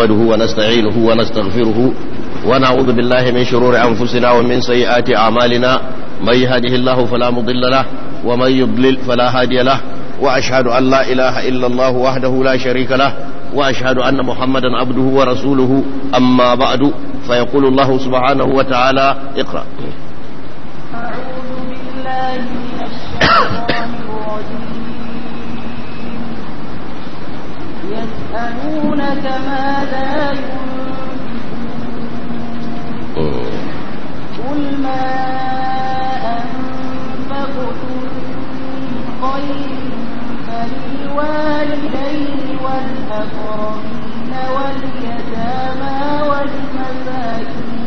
نحمده ونستعينه ونستغفره ونعوذ بالله من شرور أنفسنا ومن سيئات أعمالنا من يهده الله فلا مضل له ومن يضلل فلا هادي له وأشهد أن لا إله إلا الله وحده لا شريك له وأشهد أن محمدا عبده ورسوله أما بعد فيقول الله سبحانه وتعالى اقرأ أعوذ بالله من الشيطان الرجيم يسألونك ماذا ينفقون قل ما أنفقتم من خير فللوالدين والأقربين واليتامى والمساكين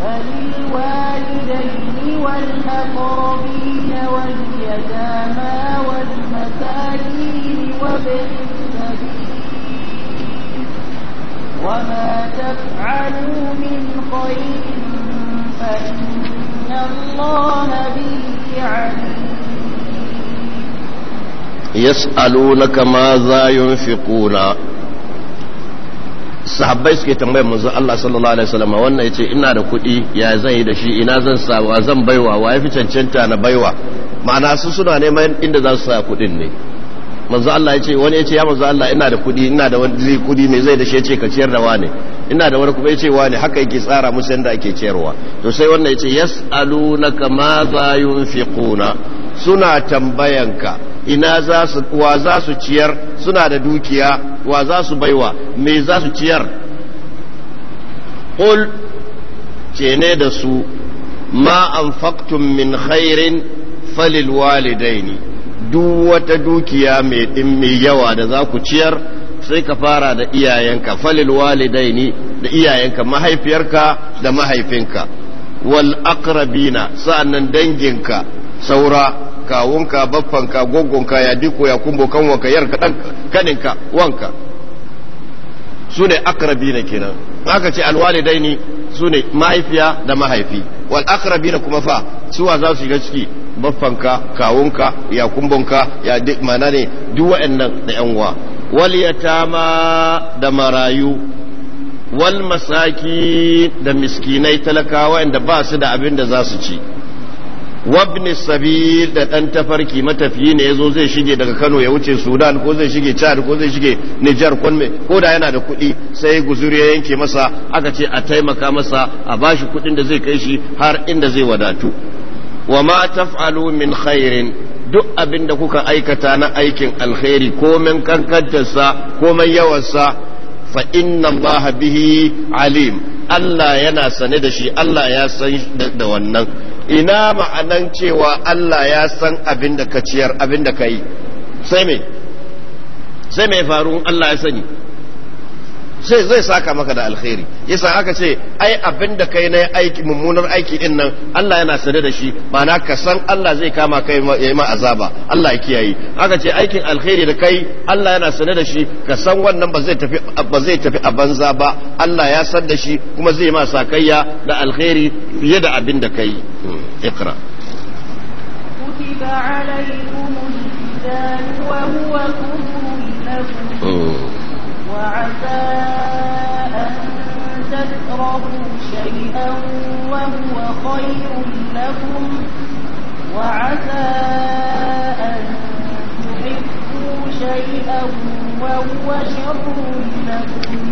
فللوالدين والأقربين واليتامى والمساكين وابن السبيل وما تفعلوا من خير فإن الله به عليم يسألونك ماذا ينفقون sahabbai suke tambayar manzo Allah sallallahu alaihi wasallam wannan yace ina da kuɗi ya zan yi da shi ina zan sa wa zan baiwa wa yafi cancanta na baiwa ma'ana su suna neman inda za su sa kuɗin ne manzo Allah yace wani yace ya manzo Allah ina da kuɗi ina da wani kuɗi me zai da shi yace ka ciyar da wani ina da wani kuma yace wani haka yake tsara musu yanda ake ciyarwa to sai wannan yace yas'alunaka ma za yunfiquna suna tambayanka ina za su wa za su ciyar suna da dukiya wa za su baiwa me za su ciyar qul ce ne da su ma anfaqtum min khairin falil walidaini duk wata dukiya mai mai yawa da za ku ciyar sai ka fara da iyayenka falil walidaini da iyayenka mahaifiyarka da mahaifinka wal aqrabina sa'annan danginka saura kawunka baffanka gogonka ya diko ya kumbo kanwanka yarka dan kaninka wanka su ne akrabi ne kenan aka ce dai ne su ne mahaifiya da mahaifi wal akrabi kuma fa suwa za su shiga ciki baffanka kawunka ya kumbonka ya di mana ne duk wa'annan da yan uwa wal yatama da marayu wal masaki da miskinai talakawa inda ba su da abin da za su ci wabni sabir da ɗan tafarki matafiyi ne ya zo zai shige daga kano ya wuce sudan ko zai shige chad ko zai shige nijar ko da yana da kuɗi sai guzuri ya yanke masa aka ce a taimaka masa a bashi kuɗin da zai kai shi har inda zai wadatu wa ma taf'alu min khairin duk abin da kuka aikata na aikin alkhairi komen kankantarsa komen yawansa fa inna allaha bihi alim Allah yana sane da shi Allah ya san da wannan ina ma'anan cewa Allah ya san abin da ka ciyar abin da ka yi sai me sai me faru Allah ya sani sai zai saka maka da alheri yasa aka ce ai abin da kai na aiki mummunar aiki din nan Allah yana sade da shi ma'ana ka san Allah zai kama kai ya ma azaba Allah ya kiyaye aka ce aikin alheri da kai Allah yana sade da shi ka san wannan ba zai tafi ba zai tafi a banza ba Allah ya san da shi kuma zai ma sakayya da alheri fiye da abin da kai hmm, iqra كتب عليكم وعسى أن تكرهوا شيئا وهو خير لكم وعسى أن تحبوا شيئا وهو شر لكم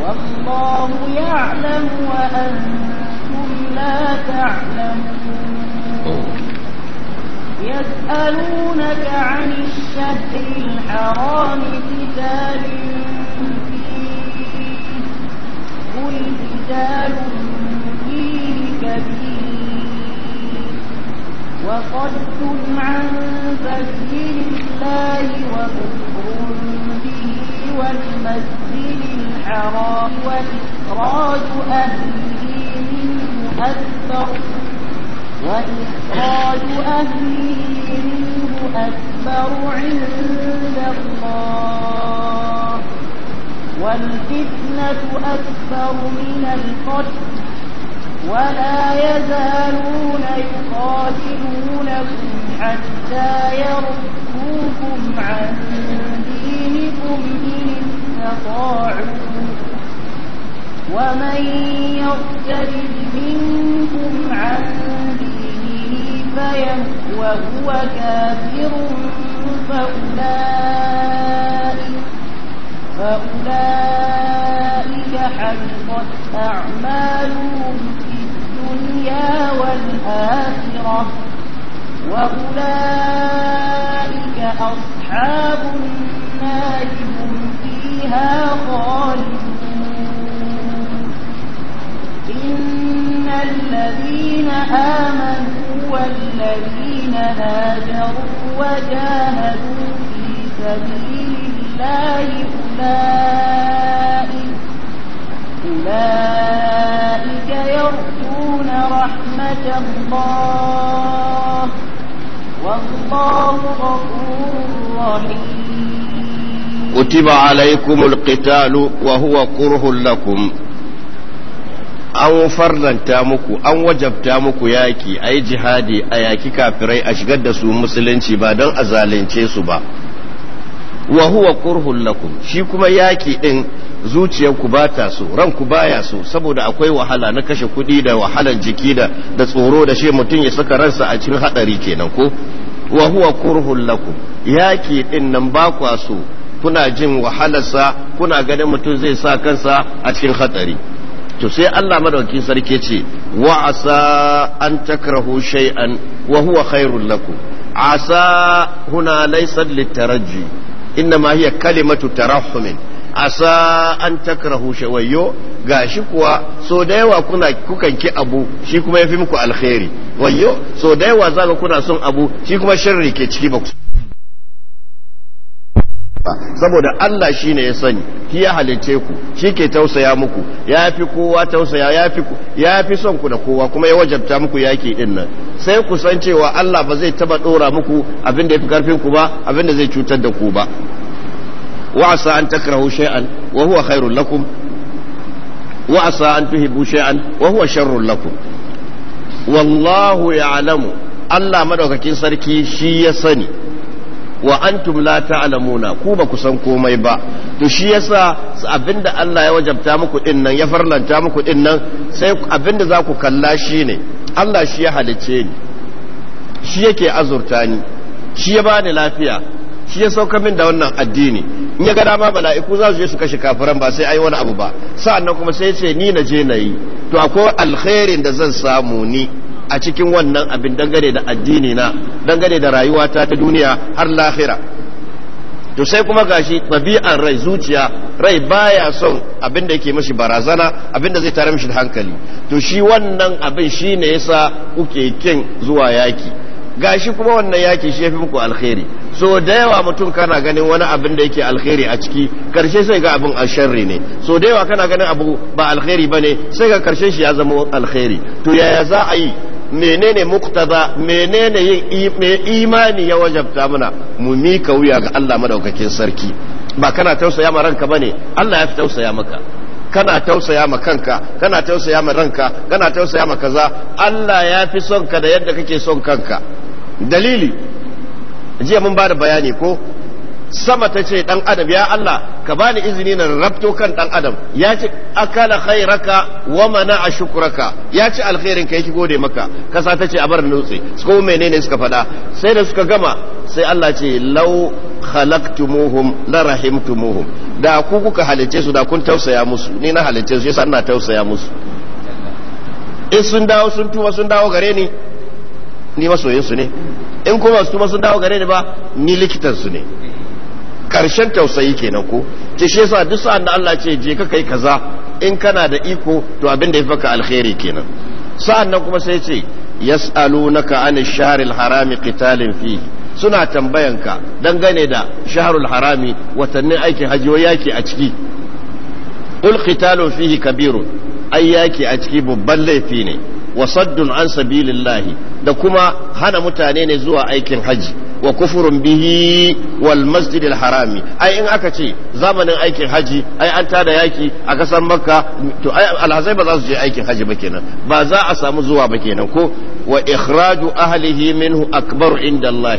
والله يعلم وأنتم لا تعلمون يسألونك عن الشهر الحرام قتال فيه قل قتال فيه كبير وصد عن سبيل الله وكفر به والمسجد الحرام وإخراج أهله منه أكثر وإخراج أهله منه أكبر عند الله والفتنة أكبر من القتل ولا يزالون يقاتلونكم حتى يردوكم عن دينكم إن استطاعوا ومن يرتد منكم عن وهو كافر فأولئك, فأولئك حبطت أعمالهم في الدنيا والآخرة وأولئك أصحاب النار هم فيها خالدون الذين آمنوا والذين هاجروا وجاهدوا في سبيل الله أولئك أولئك يرجون رحمة الله والله غفور رحيم كتب عليكم القتال وهو كره لكم an farlanta muku an wajabta muku yaki a yi jihadi a yaki kafirai a shigar da su musulunci ba don a zalunce su ba wa huwa kurhun lakum shi kuma yaki din zuciyarku ba ta so ranku baya so saboda akwai wahala na kashe kuɗi da wahalan jiki da da tsoro da shi mutum ya saka ransa a cikin hadari kenan ko wa huwa kurhun lakum yaki din nan ba kwa so kuna jin wahalarsa kuna ganin mutum zai sa kansa a cikin hatsari to sai Allah madaukakin sarki ce wa asa an takrahu shay'an wa huwa khairul lakum asa huna laysa litaraji innama hiya kalimatu tarahumin asa an takrahu shawayyo gashi kuwa so da yawa kuna kukan ki abu shi kuma yafi muku alkhairi wayyo so da yawa zaka kuna son abu shi kuma sharri ke ciki ba saboda Allah shine ya sani shi ya halice ku shi ke tausaya muku ya fi kowa tausaya ya fi ya son ku da kowa kuma ya wajabta muku yaki din nan sai ku san cewa Allah ba zai taba dora muku abin da yafi karfin ku ba abin da zai cutar da ku ba wa asa an takrahu shay'an wa huwa khairul lakum wa asa an tuhibu shay'an wa huwa sharrul lakum wallahu ya'lamu Allah madaukakin sarki shi ya sani wa antum la ta'lamuna ku ba ku san komai ba to shi yasa abinda Allah ya wajabta muku din nan ya farlanta muku din nan sai abinda za ku kalla shi ne Allah shi ya halice ni shi yake azurta ni shi ya bani lafiya shi ya sauka min da wannan addini in ya ga dama bala'iku za su je su kashe kafiran ba sai ai wani abu ba sa'annan kuma sai ce ni na je na yi to akwai alkhairin da zan samu ni a cikin wannan abin dangane da addini na dangane da rayuwata ta duniya har lahira to sai kuma gashi tabi'an rai zuciya rai baya son abin da yake mishi barazana abin da zai tare mishi hankali to shi wannan abin shine yasa kuke kin zuwa yaki gashi kuma wannan yaki shi yafi muku alkhairi so da yawa mutum kana ganin wani abin da yake alkhairi a ciki karshe sai ga abin sharri ne so da yawa kana ganin abu ba alkhairi bane sai ga karshe shi ya zama alkhairi to yaya za a yi menene muktaza menene yin imani ya wajabta mana mu mika wuya ga Allah madaukakin sarki ba kana tausaya ma ranka bane Allah ya fi tausaya maka kana tausaya ma kanka kana tausaya ma ranka kana tausaya ma kaza Allah ya fi son ka da yadda kake son kanka dalili jiya mun ba da bayani ko sama ta ce dan adam ya Allah ka bani izini na rabto kan dan adam ya ce akala khairaka wa mana a shukuraka ya ce alkhairin ka yake gode maka kasa ta ce a bar nutse ko menene suka faɗa sai da suka gama sai Allah ce law khalaqtumuhum la rahimtumuhum da ku kuka halice su da kun tausaya musu ni na halice su yasa ina tausaya musu in sun dawo sun tuma sun dawo gare ni ni masoyinsu ne in kuma su tuma sun dawo gare ni ba ni likitansu ne karshen tausayi kenan ko ce shi yasa duk sa'an da Allah ce je ka kai kaza in kana da iko to abin da ya faka alkhairi kenan sa'an nan kuma sai ce yas'alunaka an shahril harami qitalin fihi suna tambayanka dangane da shaharul harami watannin aikin hajiyo yaki a ciki qul qitalun fihi kabirun ai yaki a ciki babban laifi ne wa saddun an sabilillahi da kuma hana mutane ne zuwa aikin haji wa kufurun bihi wal masjidil harami ai in aka ce zamanin aikin haji ai an tada yaki a kasan makka to ai alhazai ba za su je aikin haji ba kenan ba za a samu zuwa ba kenan ko wa ikhraju ahlihi minhu akbar inda Allah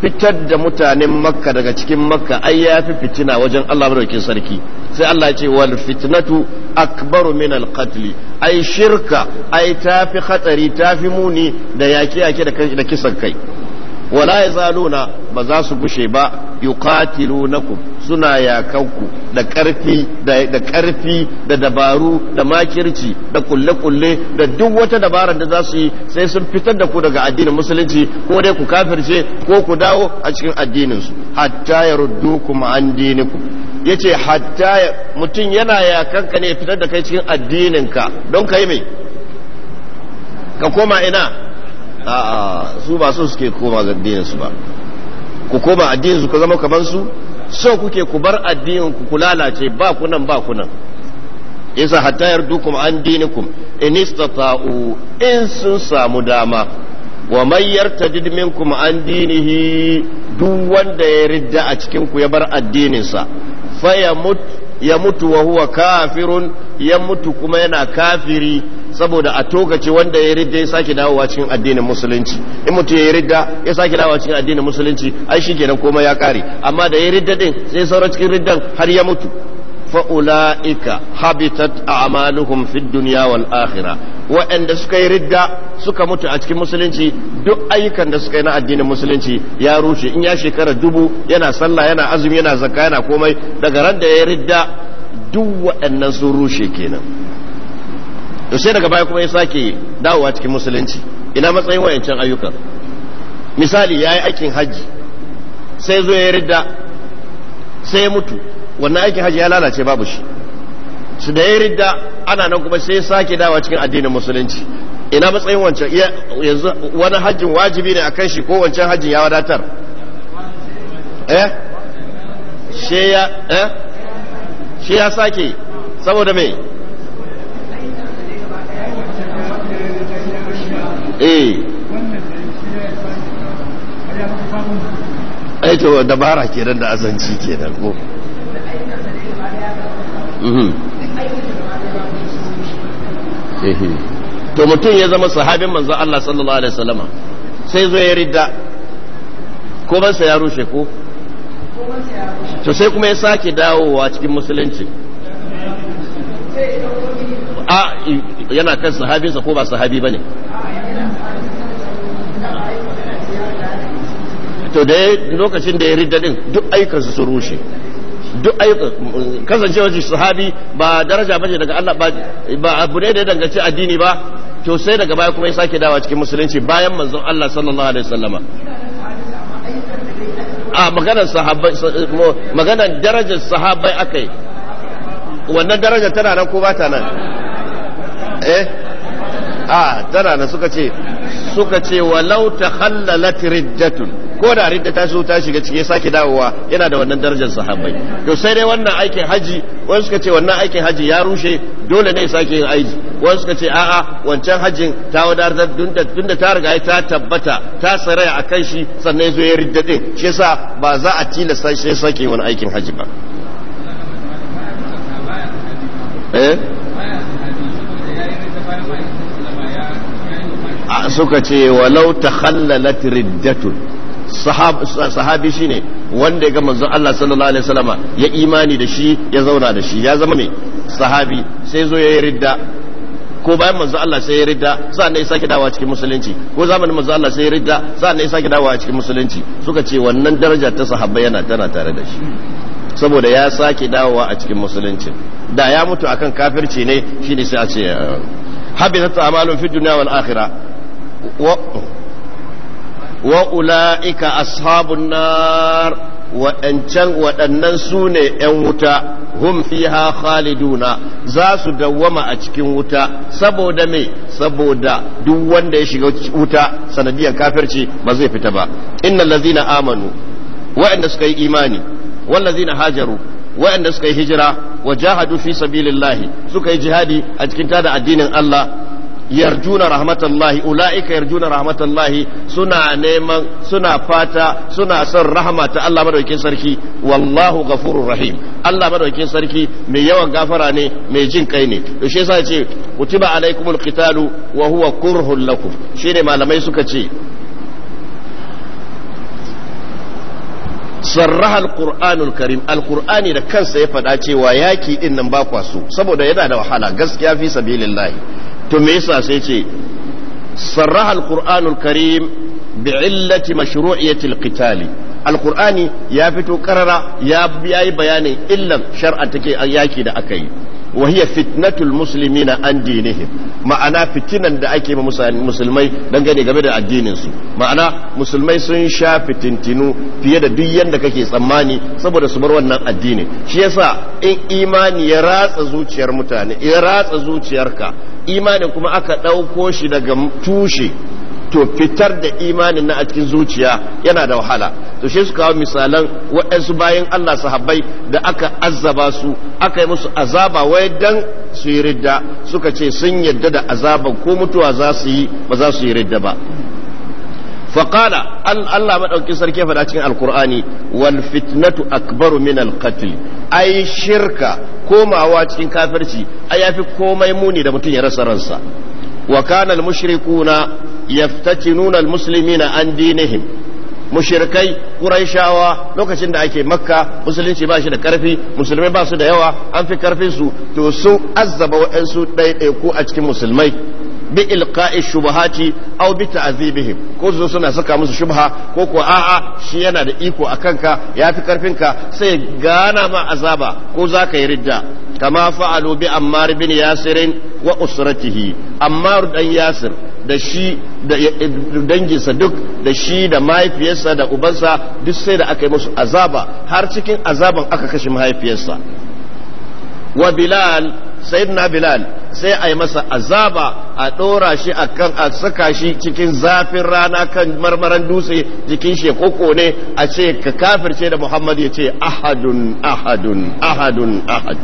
fitar da mutanen makka daga cikin makka ai ya fi fitina wajen Allah madaukin sarki sai Allah ya ce wal fitnatu akbaru min al qatl ai shirka ai tafi hatsari tafi muni da yaki yaki da kisan kai wala yazaluna ba za su gushe ba ku suna da karfi da karfi da dabaru da makirci da kulle-kulle da duk wata dabarar da za su yi sai sun fitar da ku daga addinin musulunci ko dai ku kafirce ko ku dawo a cikin hatta ya hatta kuma an ya ce hatta mutum yana yakanka ne fitar da kai cikin addininka don ka yi mai ka koma ina a'a su ba so suke koma ga su ba ku koma addinin su ku zama kamar su so kuke ku bar addinin ku ku lalace ba kunan ba kunan isa hatta yardukum an dinikum in istata'u in sun samu dama wa man yartadid minkum an dinihi duk wanda ya ridda a cikin ku ya bar addinin sa fa yamut ya mutu wa huwa kafirun ya mutu kuma yana kafiri saboda a tokace wanda ya ridda ya sake dawowa cikin addinin musulunci in mutu ya ridda ya sake dawowa cikin addinin musulunci ai shi kenan komai ya kare amma da ya ridda din sai sauran cikin riddan har ya mutu fa'ula'ika habitat a'maluhum fid dunya wal akhirah waɗanda suka yi ridda suka mutu a cikin musulunci duk ayyukan da suka yi na addinin musulunci ya rushe in ya shekara dubu yana sallah yana azumi yana zaka yana komai daga ran da ya ridda duk waɗannan sun rushe kenan to daga baya kuma ya sake dawowa cikin musulunci ina matsayin wayancan ayyukan misali ya yi aikin hajji sai zo ya ridda sai ya mutu wannan aikin hajji ya lalace babu shi su da ya ridda ana nan kuma sai sake dawa cikin addinin musulunci ina matsayin wancan yanzu wani hajjin wajibi ne a kan shi ko wancan hajjin ya wadatar eh she ya eh she ya sake saboda me eh aito dabara kenan da azanci kenan ko Mhm. to mutum ya zama sahabin manzo Allah sallallahu alaihi wasallama sai zo ya ridda ko ban sa ya rushe ko to sai kuma ya sake dawowa cikin musulunci a yana kan sahabinsa ko ba sahabi bane to da lokacin da ya ridda din duk aikansu su rushe duk kasancewar shi sahabi ba daraja bace daga Allah ba ba abu ne da ya danganci addini ba to sai daga baya kuma ya sake dawa cikin musulunci bayan manzon Allah sallallahu alaihi wasallama a maganar sahabbai maganar darajar sahabbai akai wannan daraja tana nan ko ba ta nan eh a tana nan suka ce suka ce walau takhallalat riddatun ko da ridda ta so ta shiga cike sake dawowa yana da wannan darajar sahabbai to sai dai wannan aikin haji wani suka ce wannan aikin haji ya rushe dole ne sake yin aiki wani suka ce a'a wancan hajin ta wadatar tunda ta riga ta tabbata ta saraya a kan shi sannan ya zo ya ridda din shi yasa ba za a tilasta shi sake wani aikin haji ba eh suka ce walau ta khallalat riddatun sahabi shine wanda ya ga manzon Allah sallallahu alaihi wasallama ya imani da shi ya zauna da shi ya zama ne. sahabi sai zo ya yi ridda ko bayan manzon Allah sai ya ridda sa'an ya sake dawowa cikin musulunci ko zamanin manzon Allah sai ya ridda sa'an ya sake dawowa cikin musulunci suka ce wannan daraja ta sahabbai yana tana tare da shi saboda ya sake dawowa a cikin musulunci da ya mutu akan kafirci ne shine sai a ce habitat a'malun fid dunya wal akhirah wa ula'ika ashabun nar waɗancan waɗannan su ne ‘yan wuta hum fiha khaliduna za su dawwama a cikin wuta saboda me saboda duk wanda ya shiga wuta sanadiyar kafirci ba zai fita ba innal lazina amanu waɗanda suka yi imani wallazina hajaru waɗanda suka yi hijira wa jahadu fi sabilillahi suka yi jihadi a cikin tada addinin Allah yarjuna rahmatallahi ula'ika yarjuna rahmatallahi suna neman suna fata suna son rahama ta Allah madaukin sarki wallahu ghafurur rahim Allah madaukin sarki mai yawan gafara ne mai jin kai ne to shi yasa ce kutiba alaikumul qitalu wa huwa kurhul lakum shine malamai suka ce sarraha alqur'anul karim alqur'ani da kansa ya faɗa cewa yaki din nan ba kwaso saboda yana da wahala gaskiya fi sabilillahi to me yasa sai ce sarraha alqur'anul karim bi illati mashru'iyyati alqitali alqur'ani ya fito karara ya yi bayanin illan shar'an take yaki da aka yi wa hiya fitnatul muslimina an dinihim ma'ana fitinan da ake ma musulmai dangane game da addinin su ma'ana musulmai sun sha fitintinu fiye da duk yanda kake tsammani saboda su bar wannan addini shi yasa in imani ya ratsa zuciyar mutane ya ratsa zuciyarka imanin kuma aka ɗauko shi daga tushe to fitar da imanin na a cikin zuciya yana da wahala to shi su kawo misalan waɗansu bayan Allah sahabbai da aka azzaba su aka yi musu azaba wai dan su yi ridda suka ce sun yadda da azaban ko mutuwa za su yi ba za su yi ridda ba faƙala Allah maɗauki sarki faɗa cikin alkur'ani wal fitnatu akbaru min alqatl ai shirka komawa cikin kafirci ai yafi komai muni da mutum ya rasa ransa wa kana al mushrikuna yaftatinuna al muslimina an dinihim mushirkai ƙuraishawa lokacin da ake makka musulunci ba shi da karfi musulmai ba su da yawa an fi karfin su to su azzaba waɗansu ɗaiɗaiku a cikin musulmai bi ilqa'i shubahati aw bi ta'zibihim ko su suna saka musu shubha ko ko a'a shi yana da iko akan ka yafi karfin ka sai gana ma azaba ko zaka yi ridda kama fa'alu bi ammar bin yasir wa usratihi ammar dan yasir da shi da danginsa duk da shi da mahaifiyarsa da ubansa duk sai da aka yi musu azaba har cikin azaban aka kashe mahaifiyarsa wa bilal sayyidina bilal sai a yi masa azaba a ɗora shi a kan a saka shi cikin zafin rana kan marmaran dutse jikin shi koko ne a ce ka kafirce da muhammad ya ce ahadun ahadun ahadun ahad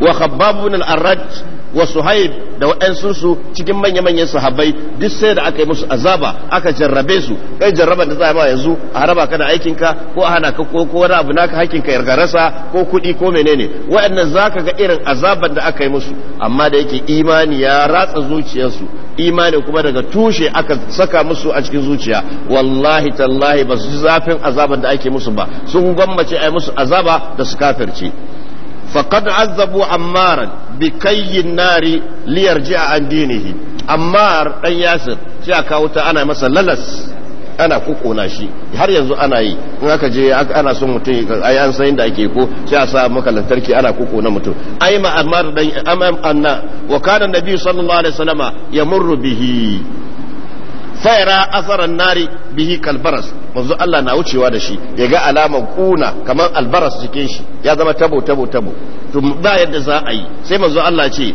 wa khabbabun al-arraj wa suhaib da waɗansu su cikin manya-manyan sahabbai duk sai da aka yi musu azaba aka jarrabe su kai jarraban da za a ba yanzu a haraba ka da ka ko a hana ka ko wani abu naka hakinka ga rasa ko kuɗi ko menene waɗannan za ka ga irin azaban da aka yi musu amma da yake imani ya ratsa zuciyarsu imani kuma daga tushe aka saka musu a cikin zuciya wallahi tallahi ba su zafin azaban da ake musu ba sun gwammace a musu azaba da su kafirce faqad azzabu ammaran bi kayyin nari liyarji'a an dinihi ammar dan yasir sai a kawo ta ana masa lalas ana kukuna shi har yanzu ana yi in aka je ana son mutum ai an san inda ake ko sai a sa maka lantarki ana kukuna mutum ai ma dan amam anna wa kana nabi sallallahu alaihi wasallama yamurru bihi fayara asaran nari bihi kalbaras manzo Allah na wucewa da shi ya ga alamar kuna kamar albaras cikin shi ya zama tabo tabo tabo to ba yadda za a yi sai manzo Allah ce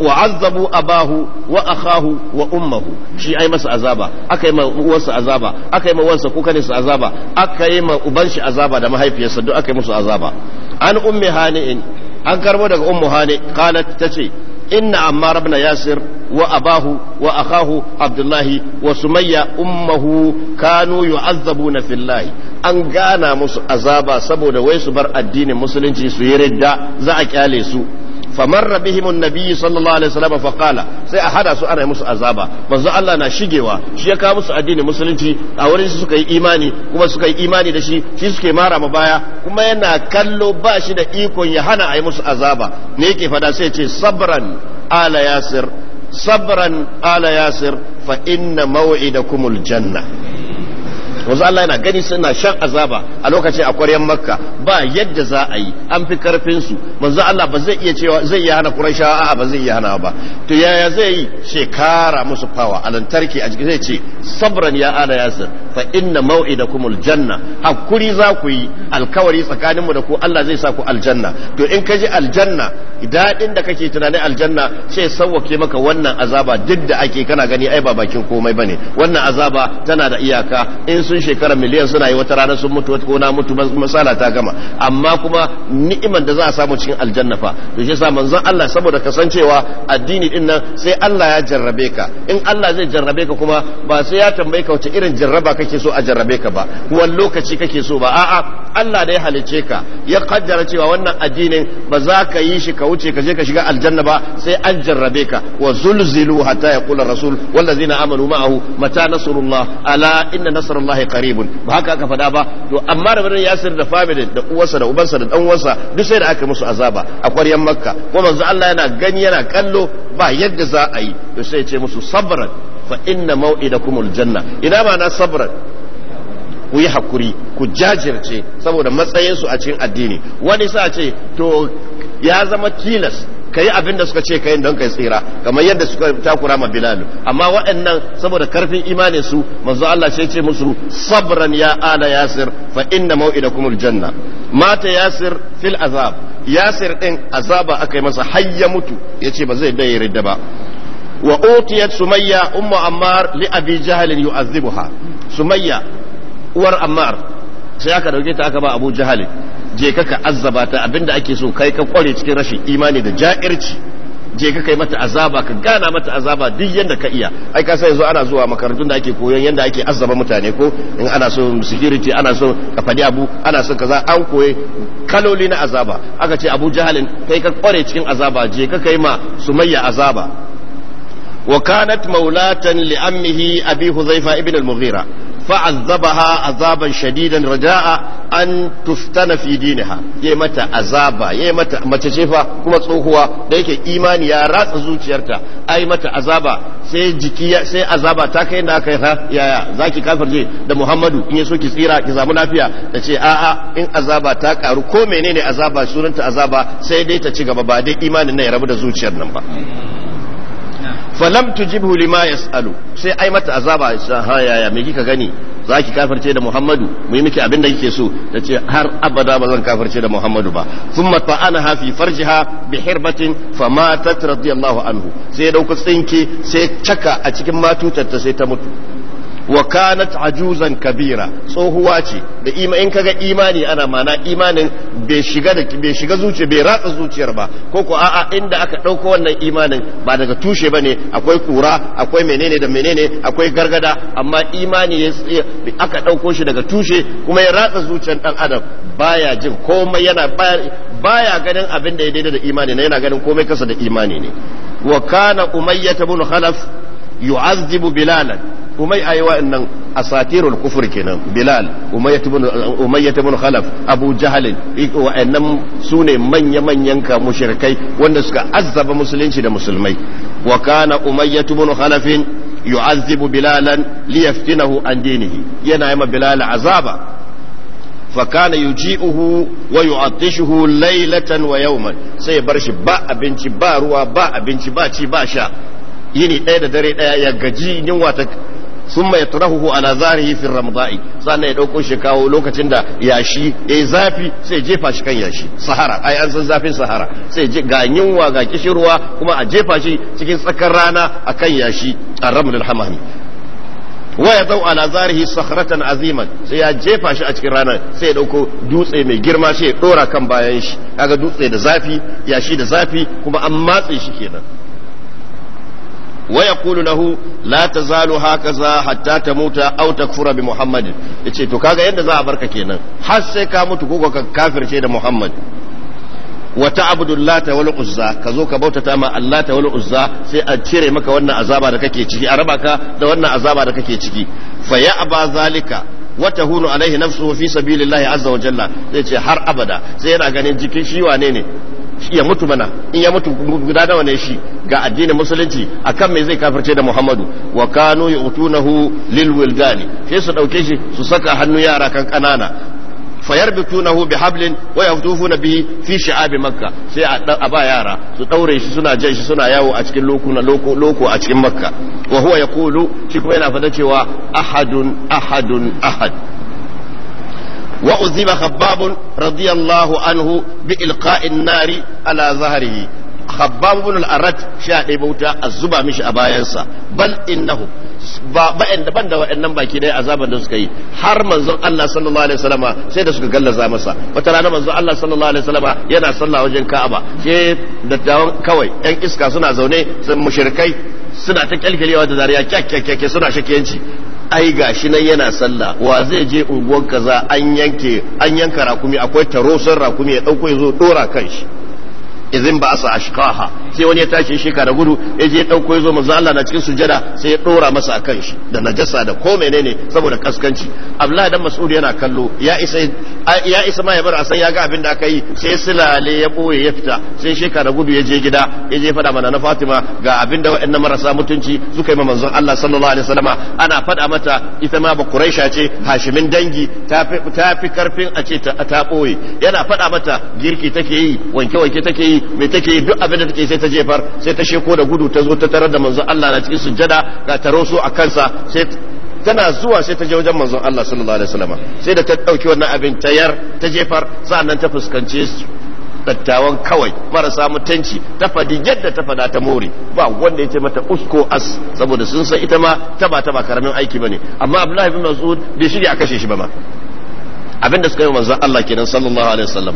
wa azabu abahu wa akhahu wa ummuhu shi ai masa azaba aka yi ma uwarsa azaba aka yi ma wansa ne su azaba aka yi ma uban shi azaba da mahaifiyarsa duk aka yi musu azaba an ummi hani'in an karbo daga ummu hani qalat tace إن عمار بن ياسر وأباه وأخاه عبد الله وسمية أمه كانوا يعذبون في الله an gana musu azaba saboda wai su bar addinin musulunci su yi ridda za a kyale su famarra bihim annabi sallallahu alaihi wasallam fa qala sai a hada su ana musu azaba manzo Allah na shigewa shi ya kawo musu addinin musulunci a wurin su suka yi imani kuma suka yi imani da shi shi suke mara ma baya kuma yana kallo ba shi da ikon ya hana a yi musu azaba ne yake fada sai ce sabran ala yasir sabran ala yasir fa inna maw'idakumul janna wanzu Allah yana gani suna shan azaba a lokacin a makka ba yadda za a yi an fi karfin su Allah ba zai iya cewa zai iya hana quraishawa a'a ba zai iya hana ba to yaya zai yi shekara musu fawa a lantarki a jikin zai ce sabran ya ala yasir fa inna maw'idakumul janna hakuri za ku yi alkawari tsakaninmu da ku Allah zai sa ku aljanna to in ka ji aljanna daɗin da kake tunanin aljanna sai sauwake maka wannan azaba duk da ake kana gani ai ba bakin komai bane wannan azaba tana da iyaka in sun shekara miliyan suna yi wata rana sun mutu ko na mutu masala ta gama amma kuma ni'iman da za a samu cikin aljanna fa to shi yasa manzon Allah saboda kasancewa addini din nan sai Allah ya jarrabe ka in Allah zai jarrabe ka kuma ba sai ya tambaye ka wace irin jarraba kake so a jarrabe ka ba wani lokaci kake so ba a'a Allah da ya halice ka ya kaddara cewa wannan addinin ba za ka yi shi ka wuce ka je ka shiga aljanna ba sai an jarrabe ka wa zulzilu hatta yaqula rasul wallazina amanu ma'ahu mata nasrullah ala inna nasrullahi qaribun ba haka aka faɗa ba to amma da barin yasir da family da uwarsa da ubansa da dan uwarsa duk sai da aka musu azaba a ƙwaryan makka ko manzo Allah yana gani yana kallo ba yadda za a yi to sai ya ce musu sabran fa inna maw'idakumul janna ina ma na sabran ku yi hakuri ku jajirce saboda matsayinsu a cikin addini wani sa ce to ya zama tilas ka yi abin da suka ce ka yi don kai tsira kamar yadda suka takura ma bilal amma waɗannan saboda karfin imanin su manzo Allah sai ce musu sabran ya ala yasir fa inna mau'idakumul janna mata yasir fil azab yasir din azaba aka yi masa hayya mutu yace ba zai dai ridda ba wa utiyat sumayya ummu ammar li abi jahl yu'azzibuha sumayya uwar ammar sai aka dauke ta aka ba abu jahali je ka ka azzaba ta abinda ake so kai ka kware cikin rashin imani da ja'irci je ka kai mata azaba ka gana mata azaba duk yadda ka iya ai ka sai yanzu ana zuwa makarantun da ake koyon yanda ake azaba mutane ko in ana so security ana so ka fadi abu ana so kaza an koye kaloli na azaba aka ce abu jahalin kai ka kware cikin azaba je ka kai ma sumayya azaba wa kanat maulatan li ammihi abi huzaifa ibn al-mughira fa'azzabaha azaban shadidan raja'a an tuftana fi diniha yayi mata azaba mata mace cefa kuma tsohuwa da yake imani ya ratsa zuciyarta ai mata azaba sai jiki sai azaba ta kai na kai ha yaya zaki kafirje da Muhammadu in yaso ki tsira ki zamu lafiya ta ce a'a in azaba ta karu ko menene azaba sunanta azaba sai dai ta ci gaba ba dai imanin na ya rabu da zuciyar nan ba falam tujibhu lima yasalu sai ai mata azaba ha yaya me kika gani zaki kafirce da Muhammadu mu yi miki abin da kike so tace har abada ba zan kafirce da Muhammadu ba thumma ta'anaha fi farjiha bi hirbatin famatat radiyallahu anhu sai dauka tsinki sai caka a cikin matutarta sai ta mutu wa kanat ajuzan kabira tsohuwa ce da ima in kaga imani ana mana imanin bai shiga da bai shiga zuciya bai ratsa zuciyar ba ko ko a'a inda aka dauko wannan imanin ba daga tushe bane akwai kura akwai menene da menene akwai gargada amma imani aka dauko shi daga tushe kuma ya ratsa zuciyar dan adam baya jin komai yana baya ganin abin da ya daidai da imani ne yana ganin komai kasa da imani ne wa kana umayyah ibn khalaf yu'azzibu bilalan umay ayi wa'annan asatirul kufur kenan bilal umayya ibn khalaf abu jahal wa'annan sune manya manyan ka mushrikai wanda suka azzaba musulunci da musulmai wa kana umayya ibn khalaf yu'azzibu bilalan liyaftinahu an dinihi yana yi ma bilal azaba فكان يجيئه ويعطشه ليلة ويوما sai bar shi ba abinci ba ruwa ba abinci ba ci ba sha yini ɗaya da dare ɗaya ya gaji yunwa ta summa yatrahuhu ala zarihi fi ramda'i sannan ya dauko shi kawo lokacin da yashi yayi zafi sai jefa shi kan yashi sahara ai an san zafin sahara sai ga yunwa ga kishirwa kuma a jefa shi cikin tsakar rana akan yashi a ramdul hamami wa ya zau ala zarihi sakhratan aziman sai ya jefa shi a cikin rana sai ya dauko dutse mai girma sai ya dora kan bayan shi kaga dutse da zafi yashi da zafi kuma an matse shi kenan ويقول له لا تزال هكذا حتى تموت او تكفر بمحمد yace to kaga yadda za a barka kenan har sai ka mutu ko ka kafirce da Muhammad wa ta'budu lata wal uzza ka zo ka bautata ma Allah ta wal uzza sai a cire maka wannan azaba da kake ciki a raba ka da wannan azaba da kake ciki fa ya aba zalika وتهون عليه نفسه في سبيل الله عز وجل zai ce har abada sai yana ganin jikin shi wane ne ya mutu mana in ya mutu guda nawa ne shi ga addinin musulunci akan me zai kafirce da Muhammadu wa kanu yu'tunahu lil wildani sai su dauke shi su saka hannu yara kan kanana fayarbitunahu bihablin wa yaftufuna bihi fi shi'abi makka sai a ba yara su daure shi suna jan shi suna yawo a cikin lokuna loko loko a cikin makka wa huwa yaqulu shi kuma yana fada cewa ahadun ahadun ahad وأذيب خباب رضي الله عنه بإلقاء النار على ظهره خباب بن الأرت شاهد بوتا الزبا مش أبايانسا بل إنه ba'in daban da wa'annan baki dai azaban da suka yi har manzon Allah sallallahu alaihi wasallama sai da suka gallaza masa wata rana manzon Allah sallallahu alaihi wasallama yana sallah wajen kaba. sai dattawan kawai yan iska suna zaune mushirikai mushrikai suna ta kyalkyalewa da zariya kyakkyakke suna shakiyanci ai gashi nan yana sallah wa zai je unguwar kaza an yanke an yanka rakumi akwai tarosan rakumi ya dauko ya zo dora kan shi izin ba sa ashqaha sai wani ya tashi shi da gudu ya je ɗauko ya zo manzo Allah na cikin sujada sai ya ɗora masa a kan shi da najasa da ko mene ne saboda kaskanci Abdullahi dan Mas'ud yana kallo ya isa ya isa ma ya bar a san ya ga abin da aka yi sai silale ya boye ya fita sai shi da gudu ya je gida ya je faɗa mana na Fatima ga abin da waɗannan marasa mutunci suka yi ma manzon Allah sallallahu alaihi wasallama ana faɗa mata ita ma ba Quraisha ce Hashimin dangi ta fi karfin a ce ta boye yana faɗa mata girki take yi wanke wanke take yi me take yi duk abin da take sai ta jefar sai ta sheko da gudu ta zo ta tarar da manzon Allah na cikin sujjada ga taro su a kansa sai tana zuwa sai ta je wajen manzon Allah sallallahu alaihi wasallam sai da ta dauki wannan abin ta yar ta jefar sannan ta fuskanci dattawan kawai marasa mutunci ta fadi yadda ta fada ta more ba wanda ya ce mata usko as saboda sun san ita ma ta ba ta ba karamin aiki bane amma Abdullahi bin Mas'ud bai shirya a kashe shi ba ma abinda suka yi manzon Allah kenan sallallahu alaihi wasallam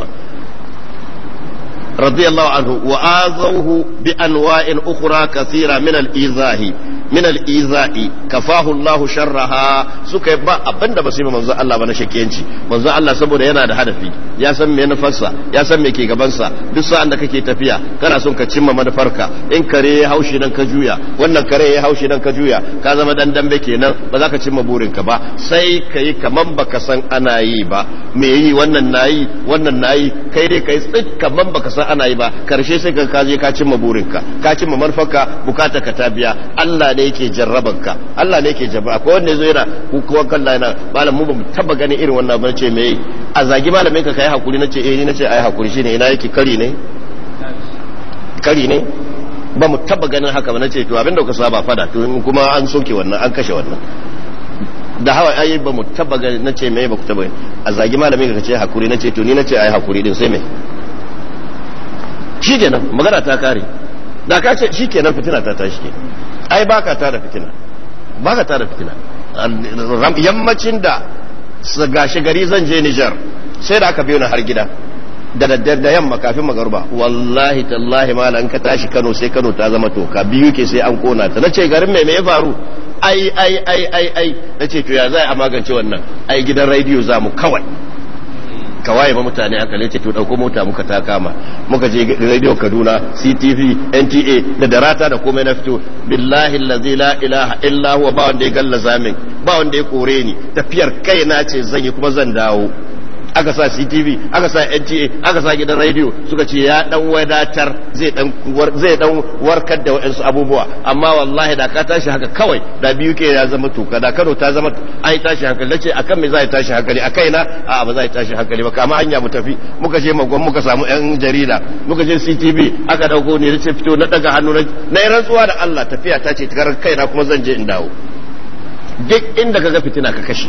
رضي الله عنه وآذوه بأنواع أخرى كثيرة من الإيذاء min al-iza'i kafahu Allahu sharraha suka ba abinda ba su yi manzo Allah ba na shakiyanci manzo Allah saboda yana da hadafi ya san me nufarsa ya san me ke gaban sa duk sa'an da kake tafiya kana son ka cimma manufarka in kare ya haushi nan ka juya wannan kare ya haushi nan ka juya ka zama dan dambe kenan ba za ka cimma burinka ba sai kai kaman baka san ana yi ba me yi wannan nayi wannan nayi kai dai kai tsit kaman baka san ana yi ba karshe sai ka je ka cimma burinka ka cimma manufarka ka ta biya Allah ne yake jarraban ka Allah ne yake jarraba akwai wanda yazo yana ku kowa kallai na malam mu mu taba ganin irin wannan ba ce me a zagi malamin ka kai hakuri nace eh ni nace ai hakuri shine ina yake kari ne kari ne ba mu taba ganin haka ba nace to da ka saba fada to kuma an soke wannan an kashe wannan da hawa ai ba mu taba ganin nace me ba ku taba a zagi malamin ka ce hakuri nace to ni nace ai hakuri din sai me shikenan magana ta kare da ka ce shikenan fitina ta tashi kenan ai ba ka tara fitina ba ka tara fitina yammacin da gashi gari zan je Nijar sai da aka biyo na har gida da daddare da yamma kafin magarba wallahi tallahi ma ka tashi Kano sai Kano ta zama toka biyu ke sai an kona ta nace garin mai me ya faru ai ai ai ai ai nace to ya za a magance wannan ai gidan radio za mu kawai ka waye ba mutane a kale ce to dauko mota muka ta kama muka je radio Kaduna CTV NTA da darata da komai na fito billahi allazi la ilaha illa huwa ba wanda ya gallaza min ba wanda ya kore ni tafiyar kai na ce zan yi kuma zan dawo aka sa CTV aka sa NTA aka sa gidan radio suka ce ya dan wadatar zai dan zai dan warkar da waɗansu abubuwa amma wallahi da ka tashi haka kawai da biyu ke ya zama tuka da Kano ta zama ai tashi hankali lace akan me zai tashi hankali akai na a ba zai tashi hankali ba kama hanya mu tafi muka je magwan muka samu yan jarida muka je CTV aka dauko ne nace fito na daga hannu na rantsuwa da Allah tafiya ta ce kai na kuma zan je in dawo duk inda kaga fitina ka kashe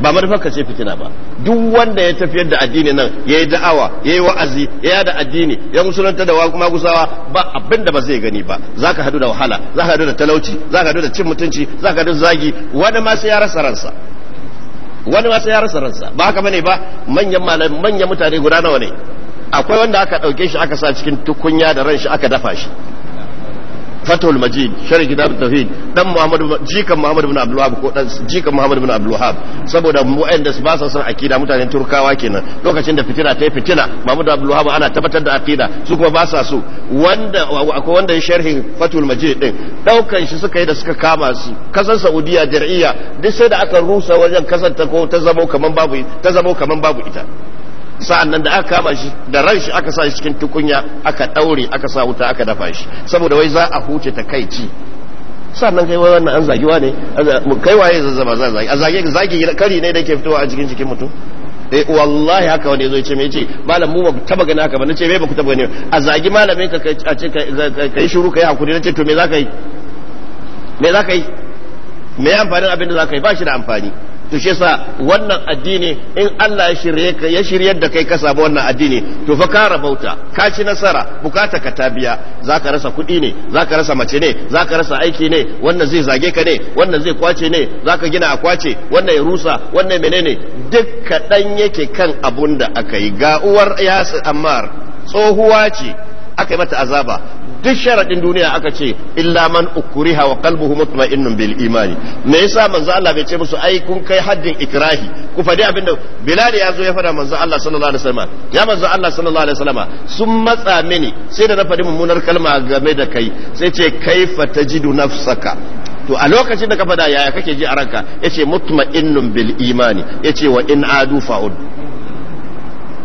ba manufar ka ce fitina ba duk wanda ya tafiyar da addini nan ya yi da'awa ya yi wa'azi ya yi da addini ya musulunta da kuma gusawa ba abin da ba zai gani ba za ka hadu da wahala za ka hadu da talauci za ka hadu da cin mutunci za ka hadu da zagi wani ma sai ya rasa ransa wani ma sai ya rasa ransa ba haka bane ba manyan malamai manyan mutane guda nawa ne akwai wanda aka ɗauke shi aka sa cikin tukunya da ran shi aka dafa shi Fatul majid sharh kitab tauhid dan muhammad jikan muhammad ibn abdul wahab ko dan jikan muhammad ibn abdul wahab saboda mu'ayyan su ba sa san akida mutanen turkawa kenan lokacin da fitina ta fitina muhammad abdul wahab ana tabbatar da akida su kuma ba sa so wanda akwai wanda ya sharhi fathul majid din daukan shi suka yi da suka kama su kasar saudiya jar'iyya duk sai da aka rusa wajen kasar ta ko ta zamo kaman babu ta zamo kaman babu ita sa'an nan da aka kama shi da ran shi aka sa shi cikin tukunya aka ɗaure aka sa wuta aka dafa shi saboda wai za a huce ta kai ci Sa'an nan kai wannan an zagiwa ne kai waye zazzaba za zagi a zage zagi kari ne da ke fitowa a cikin cikin mutum eh wallahi haka wani yazo ce me ce malam mu ba ku taba gani haka ba nace me ba ku taba gani a zagi malamin ka a ce kai shiru kai hakuri nace to me za ka yi me za ka yi me amfanin abin da za ka yi ba shi da amfani to shi yasa wannan addini in Allah ya shirye ka ya shiryar da kai ka samu wannan addini to fa ka bauta ka ci nasara bukata ka ta biya zaka rasa kuɗi ne zaka rasa mace ne zaka rasa aiki ne wannan zai zage ka ne wannan zai kwace ne zaka gina a kwace wannan ya rusa wannan menene duk kaɗan yake kan abun da aka yi ga uwar yasi ammar tsohuwa ce aka yi mata azaba duk sharaɗin duniya aka ce illa man ukriha wa qalbuhu mutma'innun bil imani me yasa manzo Allah bai ce musu ai kun kai haddin ikrahi ku fadi abin da bilal ya zo ya fada manzo Allah sallallahu alaihi wasallam ya manzo Allah sallallahu alaihi wasallam sun matsa mini sai da na fadi mummunar kalma game da kai sai ce kaifa tajidu nafsaka to a lokacin da ka fada yaya kake ji a ranka yace mutma'innun bil imani yace wa in adu fa'ud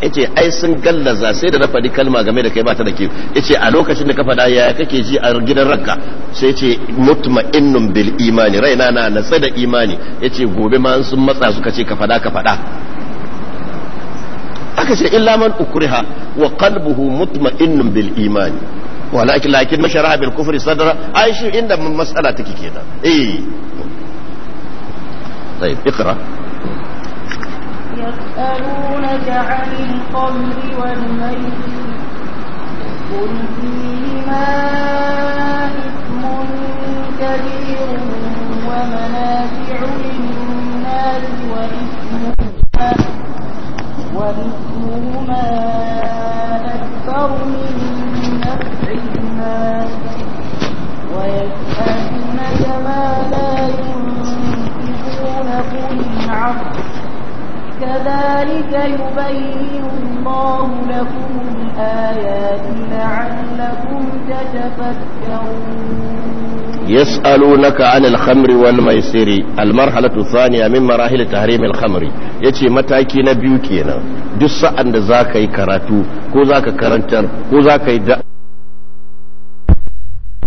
yace ai sun gallaza sai da na faɗi kalma game da kai ba ta da kyau yace a lokacin da ka faɗa ya kake ji a gidan ranka sai yace mutma'innun bil imani raina na natsa da imani yace gobe ma sun matsa suka ce ka faɗa ka faɗa aka ce illa man ukriha wa qalbuhu mutma'innun bil imani walakin lakin mashara bil kufri sadra ai shi inda mas'ala take kenan eh طيب اقرأ يسألونك عن القمر والميت قل فيهما إثم كبير ومنافع للناس وإثمهما وإثمهما أكبر من نفعهما ويسألونك ما لا ينفقون قل العفو كذلك يبين الله لكم الآيات لعلكم تتفكرون يسألونك عن الخمر والميسر المرحلة الثانية من مراحل تحريم الخمر يتي mataki na biyu kenan duk زاكي كراتو كو ka كرنتر كو زاكي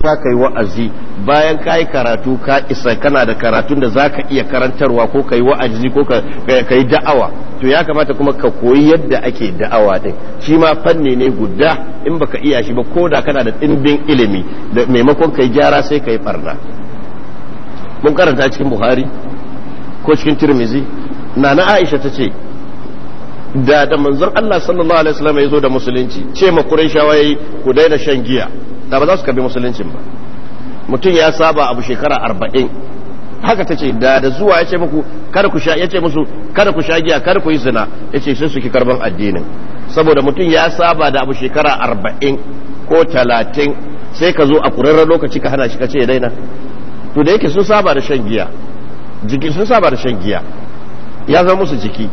za ka yi wa'azi bayan ka yi karatu ka isa kana da karatun da za ka iya karantarwa ko ka yi wa'azi ko ka yi da'awa to ya kamata kuma ka koyi yadda ake da'awa din shi ma fanni ne guda in baka iya shi ba ko da kana da ɗimbin ilimi da maimakon ka yi gyara sai ka yi farna. mun karanta cikin buhari ko cikin tirmizi nana aisha ta ce da da manzon Allah sallallahu alaihi wasallam ya zo da musulunci ce ma Qurayshawa yayi ku daina shan giya da ba za su karbi musuluncin ba mutum ya saba abu shekara arba'in haka ta ce da da zuwa ya ce muku kada ku sha ya ce musu kada ku sha giya kada ku yi zina ya ce sai su ki karban addinin saboda mutum ya saba da abu shekara arba'in ko talatin sai ka zo a kurarren lokaci ka hana shi ka ce ya daina to da yake sun saba da shan giya jiki sun saba da shan giya ya zama musu jiki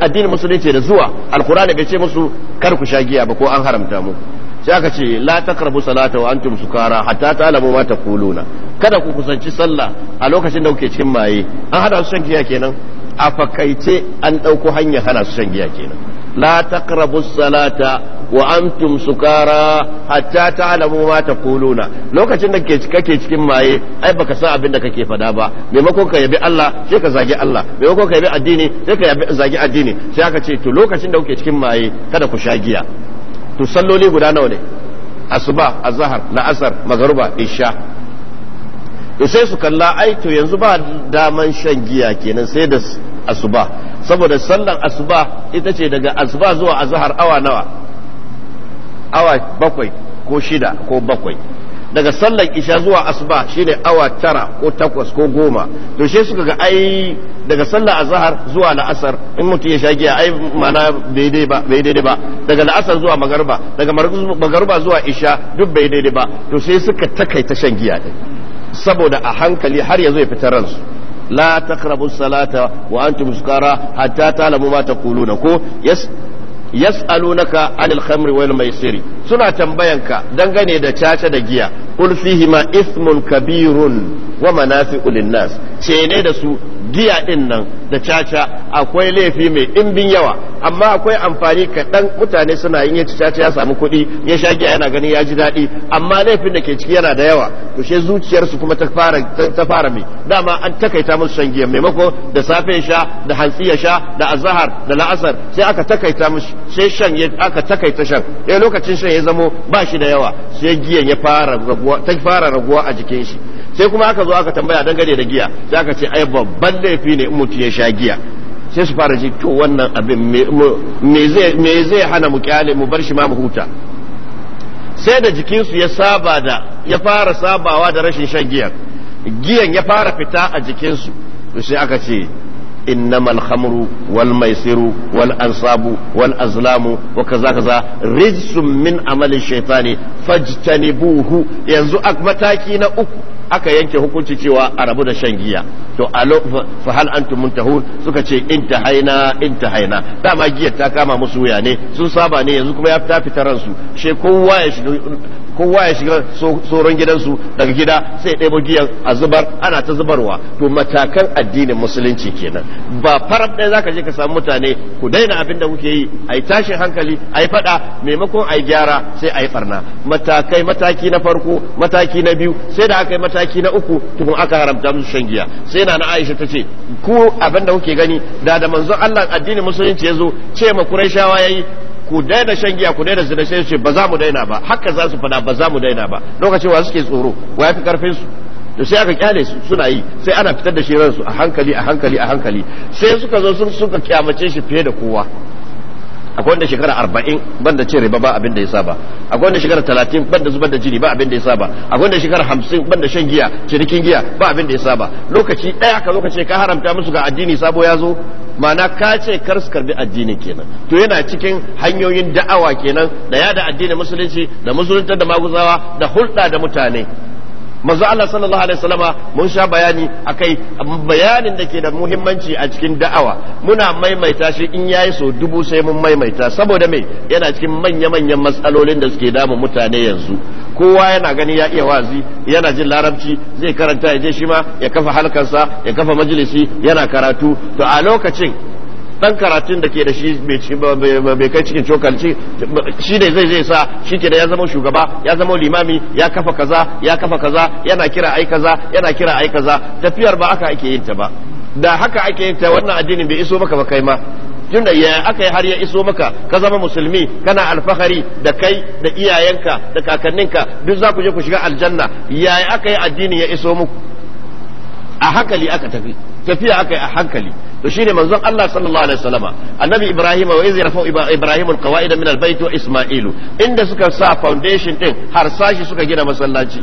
addinin musulunci da zuwa alkurani bai ce musu kar ku sha giya ba ko an haramta muku sai aka ce la taqrabu salata wa antum sukara hatta ta'lamu ma taquluna kada ku kusanci sallah a lokacin da kuke cikin maye an hada su shan giya kenan a fakaice an dauko hanya hana su shan giya kenan la taqrabu salata wa antum sukara hatta ta'lamu ma taquluna lokacin da kake kake cikin maye ai baka san abin da kake fada ba maimakon ka yabi Allah sai ka zagi Allah maimakon ka yabi addini sai ka yabi zagi addini sai aka ce to lokacin da kuke cikin maye kada ku sha giya to salloli guda nawa ne asuba azhar Asar magaruba isha to sai su kalla ai to yanzu ba daman shan giya kenan sai da asuba saboda sallan asuba ita ce daga asuba zuwa azhar awa nawa awa bakwai ko shida ko bakwai daga sallar isha zuwa asuba shine awa tara ko takwas ko goma to shi suka ga ai daga sallar azhar zuwa la'asar in mutum ya sha giya ai mana bai daidai ba daga la'asar zuwa magarba daga magarba zuwa isha duk bai daidai ba to sai suka takaita shan giya din saboda a hankali har ya ya fitar ransu la taqrabu salata wa antum sukara hatta ta'lamu ma taquluna ko yes yas'alunaka anil khamri wal maisiri suna tambayanka dangane da caca da giya qul fihi ma ismun kabirun wa manafi'u linnas ce ne da su giya din nan da caca akwai laifi mai dimbin yawa amma akwai amfani kaɗan mutane suna yin yace caca ya samu kuɗi ya sha giya yana ganin ya ji daɗi amma laifin da ke ciki yana da yawa to she zuciyarsu kuma ta fara ta fara mai dama an takaita musu shan giya maimako da safe sha da hantsi ya sha da azahar da la'asar sai aka takaita musu sai shan aka takaita shan ya lokacin shan ya zamo ba shi da yawa sai giyan ya fara raguwa ta fara raguwa a jikin shi sai kuma aka zo aka tambaya dangane da giya sai aka ce ai babban laifi ne in mutum ya sha giya sai su fara ji to wannan abin me zai hana mu kyale mu bar shi ma mu huta sai da jikin su ya saba da ya fara sabawa da rashin shan giyan giyan ya fara fita a jikin su sai aka ce إنما الخمر والميسر والأنصاب والأزلام وكذا كذا رجس من عمل الشيطان فاجتنبوه ينزو أكمتاكين أكو aka yanke hukunci cewa a rabu da shan giya to fa hal antum muntahun suka ce haina intahaina intahaina dama giyar ta kama musu wuya ne sun saba ne yanzu kuma ya fita fitaran su. she kowa ya shi kowa ya shiga tsoron gidansu daga gida sai ɗaya giyan a zubar ana ta zubarwa to matakan addinin musulunci kenan ba farab ɗaya ka je ka samu mutane ku daina abin da kuke yi a yi tashin hankali a yi faɗa maimakon a yi gyara sai a yi farna matakai mataki na farko mataki na biyu sai da aka yi mataki na uku tukun aka haramta musu shan giya sai na na aisha ta ce ku abin da kuke gani da da manzon allah addinin musulunci ya zo ce ma kurai shawa ya yi ku daina shan giya ku daina zina sai su ce ba za mu daina ba haka za su fada ba za mu daina ba lokacin wa suke tsoro wa yafi karfin su to sai aka kyale su suna yi sai ana fitar da shi ransu a hankali a hankali a hankali sai suka zo sun suka kyamace shi fiye da kowa akwai wanda shekara arba'in ban da cin riba ba abin da ya saba akwai wanda shekara talatin ban da zubar da jini ba abin da ya saba akwai wanda shekara hamsin ban da shan giya cinikin giya ba abin da ya saba lokaci ɗaya ka lokaci ka haramta musu ga addini sabo ya zo ma'ana ka ce kar su karbi addini kenan to yana cikin hanyoyin da'awa kenan da ya da addinin musulunci da musulunta da maguzawa da hulɗa da mutane manzo Allah sallallahu alaihi wasallama mun sha bayani akai bayanin da ke da muhimmanci a cikin da'awa muna maimaita shi in yayi so dubu sai mun maimaita saboda me yana cikin manya-manyan matsalolin da suke damun mutane yanzu kowa yana gani ya iya wazi yana jin larabci zai karanta ya je shi ma ya kafa sa ya kafa majalisi yana karatu to a lokacin dan karatun da ke da shi mai kai cikin cokalci shi ne zai zai sa shi ke da ya zama shugaba ya zama limami ya kafa kaza ya kafa kaza yana kira ai kaza yana kira ai kaza tafiyar ba aka ake yin ta ba da haka ake yin ta wannan addinin bai iso maka ba kai ma tunda ya aka yi har ya iso maka ka zama musulmi kana alfahari da kai da iyayenka da kakanninka duk za ku je ku shiga aljanna ya aka yi addini ya iso muku a hankali aka tafi tafiya aka yi a hankali to shine manzon Allah sallallahu alaihi wasallama annabi Ibrahim wa iz yarfa'u Ibrahim alqawaida min albayt wa Isma'ilu inda suka sa foundation din har sashi suka gina masallaci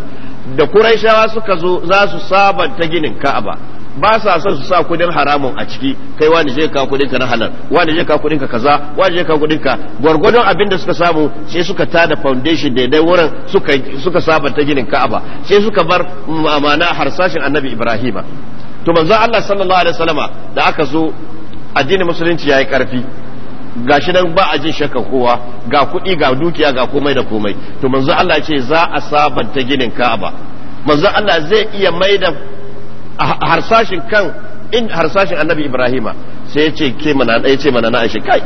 da Quraishawa suka zo za su saba ta ginin Ka'aba ba sa son su sa kudin haramun a ciki kai wani je ka kudin ka na halal wani je ka kudin ka kaza wani je ka kudin ka gwargwadon abin da suka samu sai suka tada foundation daidai wurin suka suka ta ginin Ka'aba sai suka bar amana harsashin Annabi Ibrahim. to manzo Allah sallallahu alaihi wasallama da aka zo addinin musulunci yayi karfi gashi nan ba a jin shakka kowa ga kuɗi ga dukiya ga komai da komai to manzo Allah ya ce za a sabanta ginin Ka'aba manzo Allah zai iya maida harsashin kan in harsashin Annabi Ibrahima sai ya ce ke mana ya ce mana na shi kai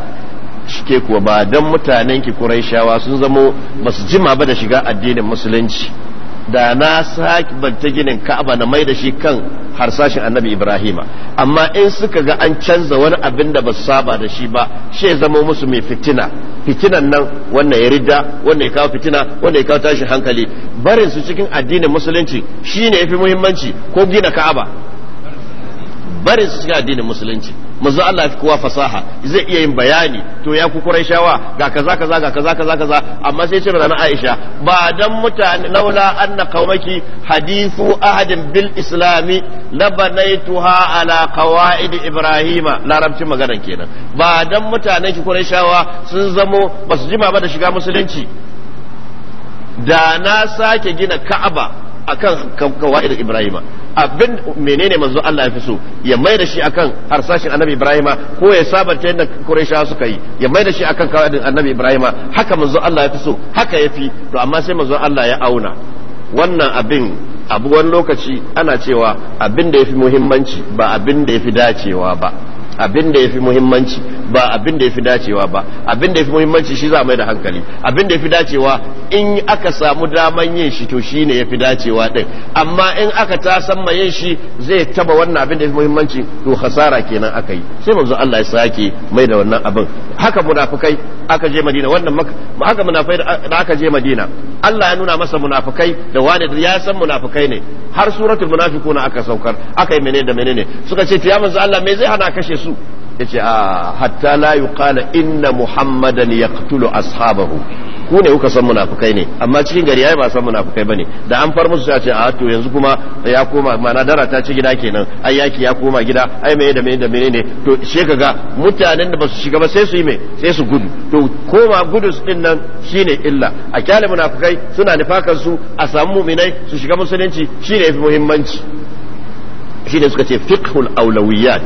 shike kuwa ba dan mutanen ki Qurayshawa sun zamo basu jima ba da shiga addinin musulunci da na sake banta ginin ka'aba na mai da shi kan harsashin annabi ibrahima amma in suka ga an canza wani abin da ba su saba da shi ba shi ya zama musu mai fitina fitinan nan wannan ya ridda wannan ya kawo fitina wannan ya kawo tashin hankali barin su cikin addinin musulunci shine yafi muhimmanci ko gina ka'aba barin su cikin addinin musulunci manzo Allah fi kowa fasaha zai iya yin bayani to ya ku Qurayshawa ga kaza kaza ga kaza kaza kaza amma sai ce na Aisha ba dan mutane laula anna qaumaki hadithu ahadin bil islami labanaituha ala qawaid ibrahima larabcin maganar kenan ba dan mutanen ki Qurayshawa sun zamo basu jima ba da shiga musulunci da na sake gina Ka'aba akan kawaidar Ibrahima abin menene manzo Allah ya fi so ya mai da shi akan harsashin Annabi Ibrahima ko ya sabanta yadda Qurayshawa suka yi ya mai da shi akan kawaidar Annabi Ibrahima haka manzo Allah ya fi so haka ya fi to amma sai manzo Allah ya auna wannan abin abu wani lokaci ana cewa abin da ya fi muhimmanci ba abin da ya fi dacewa ba abin da ya fi muhimmanci ba abin da ya fi dacewa ba abin da ya fi muhimmanci shi za mai da hankali abin da ya fi dacewa in aka samu daman yin shi to shi ne ya fi dacewa ɗin amma in aka ta san yin shi zai taba wannan abin da ya fi muhimmanci to hasara kenan aka yi sai manzo Allah ya sake mai da wannan abin haka munafukai aka je Madina wannan haka munafai da aka je Madina Allah ya nuna masa munafukai da wani ya san munafukai ne har suratul munafiquna aka saukar aka yi menene da menene suka ce to ya manzo Allah me zai hana kashe su yace a ah, hatta la yuqala inna muhammadan yaqtulu ashabahu ku ne kuka san munafukai ne amma cikin gari yayi ba san munafukai bane da an far musu ce a ah, to yanzu kuma ya koma mana dara ta ci gida kenan ai yaki ya koma gida ai meye da da menene to she kaga mutanen da basu shiga ba sai su yi me sai su gudu to koma gudu din nan shine illa a kyale munafukai suna nifakan su a samu mu'minai su shiga musulunci shine yafi muhimmanci shine suka ce fiqhul awlawiyat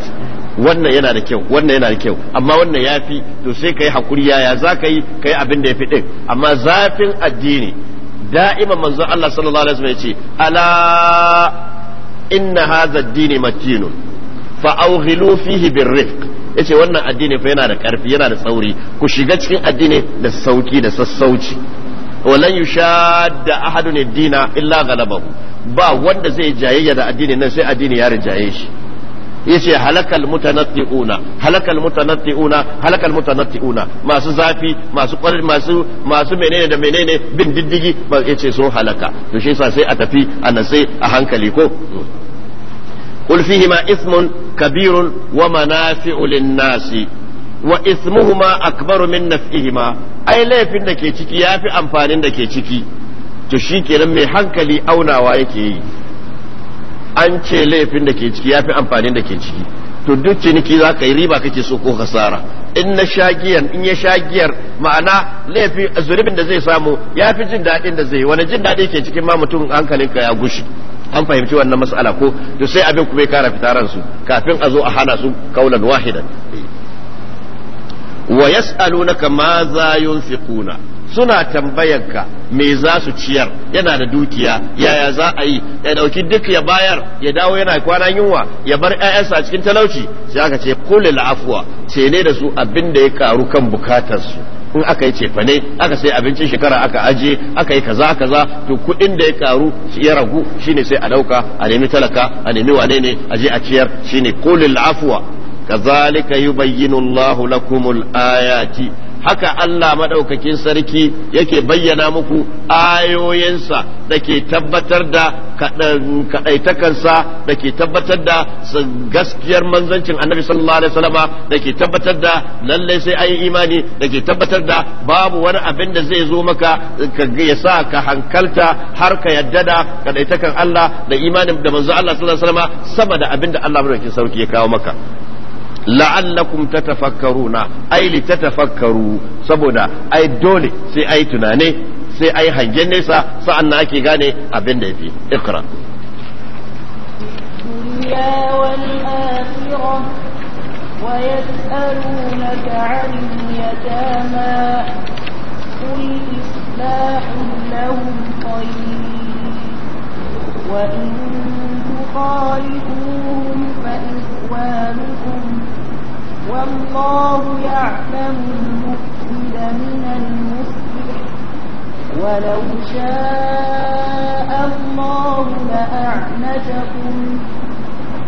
wannan yana da kyau wannan yana da kyau amma wannan ya fi to sai ka yi hakuri yaya za ka yi ka yi abin da ya fi ɗin amma zafin addini da'ima manzo Allah sallallahu alaihi wasallam ya ce ala inna hadha ad-din matinun fa awghilu fihi birrifq yace wannan addini fa yana da karfi yana da tsauri ku shiga cikin addini da sauki da sassauci walan yushadda ahadun ad-dina illa ghalabahu ba wanda zai jayayya da addini nan sai addini ya rijaye shi yace halakal mutanatti'una halakal mutanatti'una halakal mutanatti'una masu zafi masu kwarin masu masu menene da menene bin diddigi ba yace so halaka to shi yasa sai a tafi a sai a hankali ko qul fihi ma ismun kabirun wa manafi'u nasi wa ismuhuma akbaru min nafihima ai laifin da ke ciki yafi amfanin da ke ciki to shi kenan mai hankali aunawa yake yi an ce laifin da ke ciki ya fi amfanin da ke ciki to duk ciniki za ka yi riba kake so ko kasara in na shagiyar in ya shagiyar ma'ana laifi zunubin da zai samu ya fi jin daɗin da zai wani jin daɗi ke cikin ma mutum ka ya gushi an fahimci wannan mas'ala ko to sai abin ku ya kara fitaran kafin a zo a hana su kaulan wahidan wa yas'alunaka ma za yunfiquna suna tambayanka me za su ciyar yana da dukiya yaya za a yi ya dauki duk ya bayar ya dawo yana kwana yunwa ya bar ƴaƴansa a cikin talauci sai aka ce kulil afwa ce ne da su abin da ya karu kan bukatarsu in aka yi cefane aka sai abincin shekara aka aje aka yi kaza kaza to kuɗin da ya karu ya ragu shine sai a dauka a nemi talaka a nemi wane ne a je a ciyar shine kulil afwa kazalika yubayyinu Allahu lakumul ayati haka Allah madaukakin sarki yake bayyana muku ayoyinsa da ke tabbatar da kaɗaitakansa da ke tabbatar da gaskiyar manzancin annabi sallallahu alaihi wasallama da ke tabbatar da lalle sai an yi imani da ke tabbatar da babu wani abin da zai zo maka ya sa ka hankalta har ka yadda da kaɗaitakan Allah da imanin da manzo Allah sallallahu alaihi wasallama sama da abin da Allah madaukakin sarki ya kawo maka la'annakum tatafakkaruna ai li tatafakkaru saboda ai dole sai ai tunane sai ai hangen nesa sa'an na ake gane abin da yafi iqra ويسألونك عن اليتامى وإن تخالفوهم فإخوانكم والله يعلم المفسد من المصلح ولو شاء الله لأعنتكم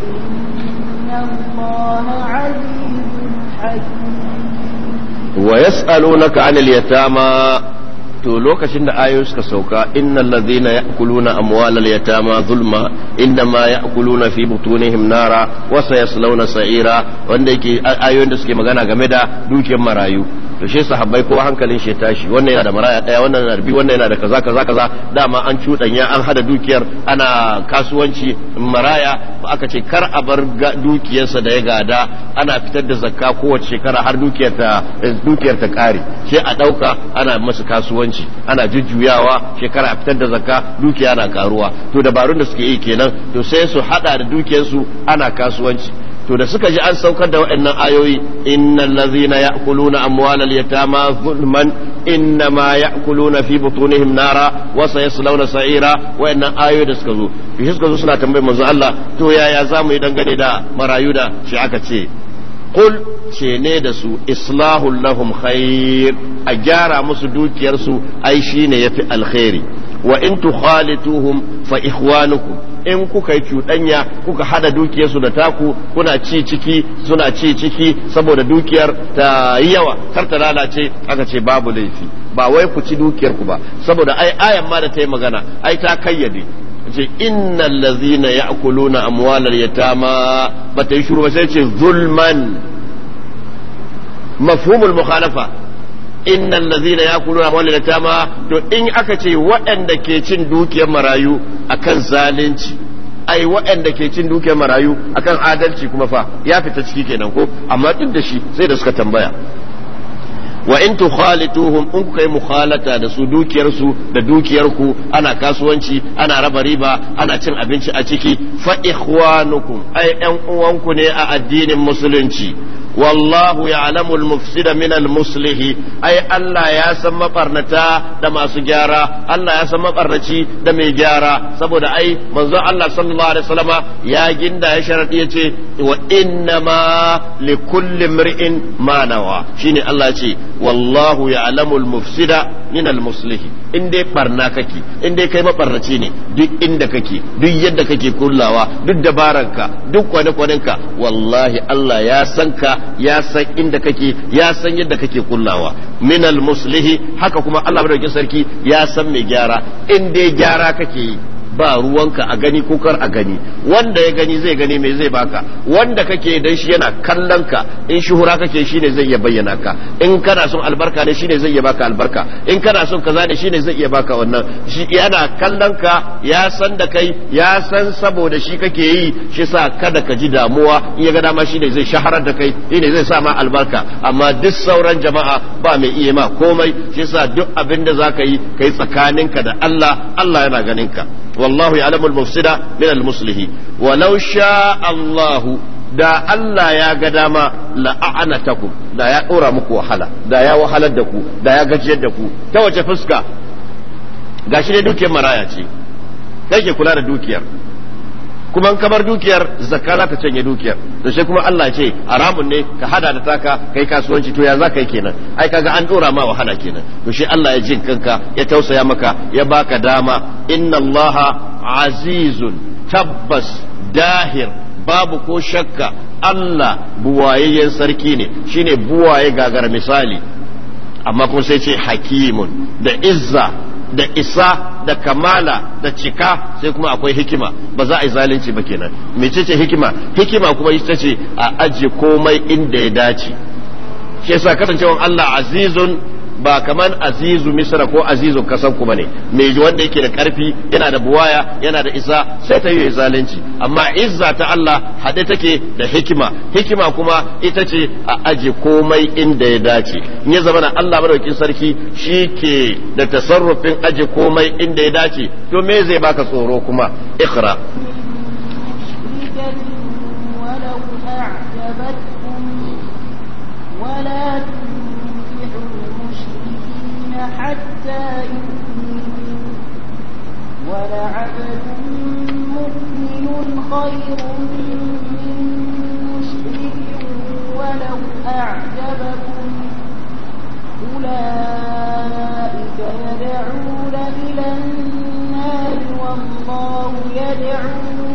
إن الله عزيز حكيم ويسألونك عن اليتامى to lokacin da ayoyi suka sauka innal ladhina ya'kuluna amwalal yatama zulma innama ya'kuluna fi butunihim nara wa sayaslawna sa'ira wanda yake ayoyin da suke magana game da dukiyar marayu to shi sahabbai ko hankalin shi tashi wannan yana da maraya daya wannan yana da bi wannan yana da kaza kaza kaza dama an cuɗanya an hada dukiyar ana kasuwanci maraya aka ce kar a bar dukiyarsa da ya gada ana fitar da zakka kowace shekara har dukiyar ta dukiyar ta kare sai a dauka ana masa kasuwanci ana jujjuyawa shekara a fitar da zakka dukiya na karuwa to dabarun da suke yi kenan to sai su hada da dukiyarsu ana kasuwanci to da suka ji an saukar da waɗannan ayoyi innal ladzina ya'kuluna amwalal yatama zulman innama ya'kuluna fi butunihim nara wa sayaslawna sa'ira waɗannan ayoyi da suka zo to suka zo suna tambayar manzo Allah to yaya zamu yi dangane da marayu da shi aka ce قل ce da su islahun lahum khair a gyara musu dukiyarsu ai shine yafi alkhairi wa in tukhalituhum fa ikhwanukum in kuka yi cuɗanya kuka hada dukiyarsu da taku kuna ci ciki suna ci ciki saboda dukiyar ta yi yawa kar ta lalace aka ce babu laifi ba wai ku ci dukiyar ku ba saboda ai ayan ma da ta yi magana ai ta kayyade ce innal ladzina ya'kuluna amwalar yatama bata yi shuru ba sai ce zulman mafhumul mukhalafa innan lazina ya kulu na mawalin to in aka ce waɗanda ke cin dukiyar marayu akan zalunci ai waɗanda ke cin dukiyar marayu akan adalci kuma fa ya fita ciki kenan ko amma duk da shi sai da suka tambaya wa in khalituhum in kuka yi mukhalata da su dukiyarsu da dukiyar ku ana kasuwanci ana raba riba ana cin abinci a ciki fa ikhwanukum ai yan uwanku ne a addinin musulunci wallahu ya'lamu al-mufsida min al-muslih Allah ya san mabarnata da masu gyara Allah ya san mabarnaci da mai gyara saboda ai manzo Allah sallallahu alaihi wasallama ya ginda ya sharadi yace wa inna ma li kulli imri'in ma nawa shine Allah ce wallahu ya'lamu al-mufsida min al in dai barna kake in dai kai mabarnaci ne duk inda kake duk yadda kake kullawa duk dabaranka duk kwane-kwanenka wallahi Allah ya san ka ya san inda kake ya san yadda kake kullawa minal muslihi haka kuma Allah madaukakin sarki ya san mai gyara in dai gyara kake yi ba ruwanka a gani ko a gani wanda ya gani zai gani mai zai baka wanda kake dan shi yana kallon ka in shuhura kake shine zai iya bayyana ka in kana son albarka ne shine zai iya baka albarka in kana son kaza ne shine zai iya baka wannan shi yana kallon ka ya san da kai ya san saboda shi kake yi shi sa kada ka ji damuwa in ya ga dama shine zai shaharar da kai shine zai sa ma albarka amma duk sauran jama'a ba mai iya ma komai shi sa duk abin da zaka yi kai tsakaninka da Allah Allah yana ganin ka wallahu ya'lamu al-mufsida min al-muslihi walau Allahu da Allah ya ga dama la'anatakum da ya ɗora muku wahala da ya wahalar da ku da ya gajiyar da ku ta wace fuska gashi ne dukiyar maraya ce kake kula da dukiyar kuma kamar dukiyar zakka za ta canye dukiyar to sai kuma Allah ce haramun ne ka hada da taka kai kasuwanci to ya za kai kenan ai kaga an dora ma wahala kenan to shi Allah ya jin kanka ya tausaya maka ya baka dama inna Allah azizun tabbas dahir babu ko shakka Allah Buwayeyen sarki ne shine buwaye gagara misali amma kuma sai ce hakimun da izza da isa da kamala da cika sai kuma akwai hikima ba za a yi zalunci ba kenan mecece hikima hikima kuma ita ce a aje komai inda ya dace shi yasa kasancewan Allah azizun ba kaman azizu misra ko azizu kasan ku bane mai wanda yake da karfi yana da buwaya yana da isa sai ta yi zalunci amma izza ta Allah hade take da hikima hikima kuma ita ce a aje komai inda ya dace in ya zama Allah madaukin sarki shi ke da tasarrufin aje komai inda ya dace to me zai baka tsoro kuma ikra ولا حتى يؤمنوا ولعبد مؤمن خير من مشرك ولو أعجبكم أولئك يدعون إلى النار والله يدعو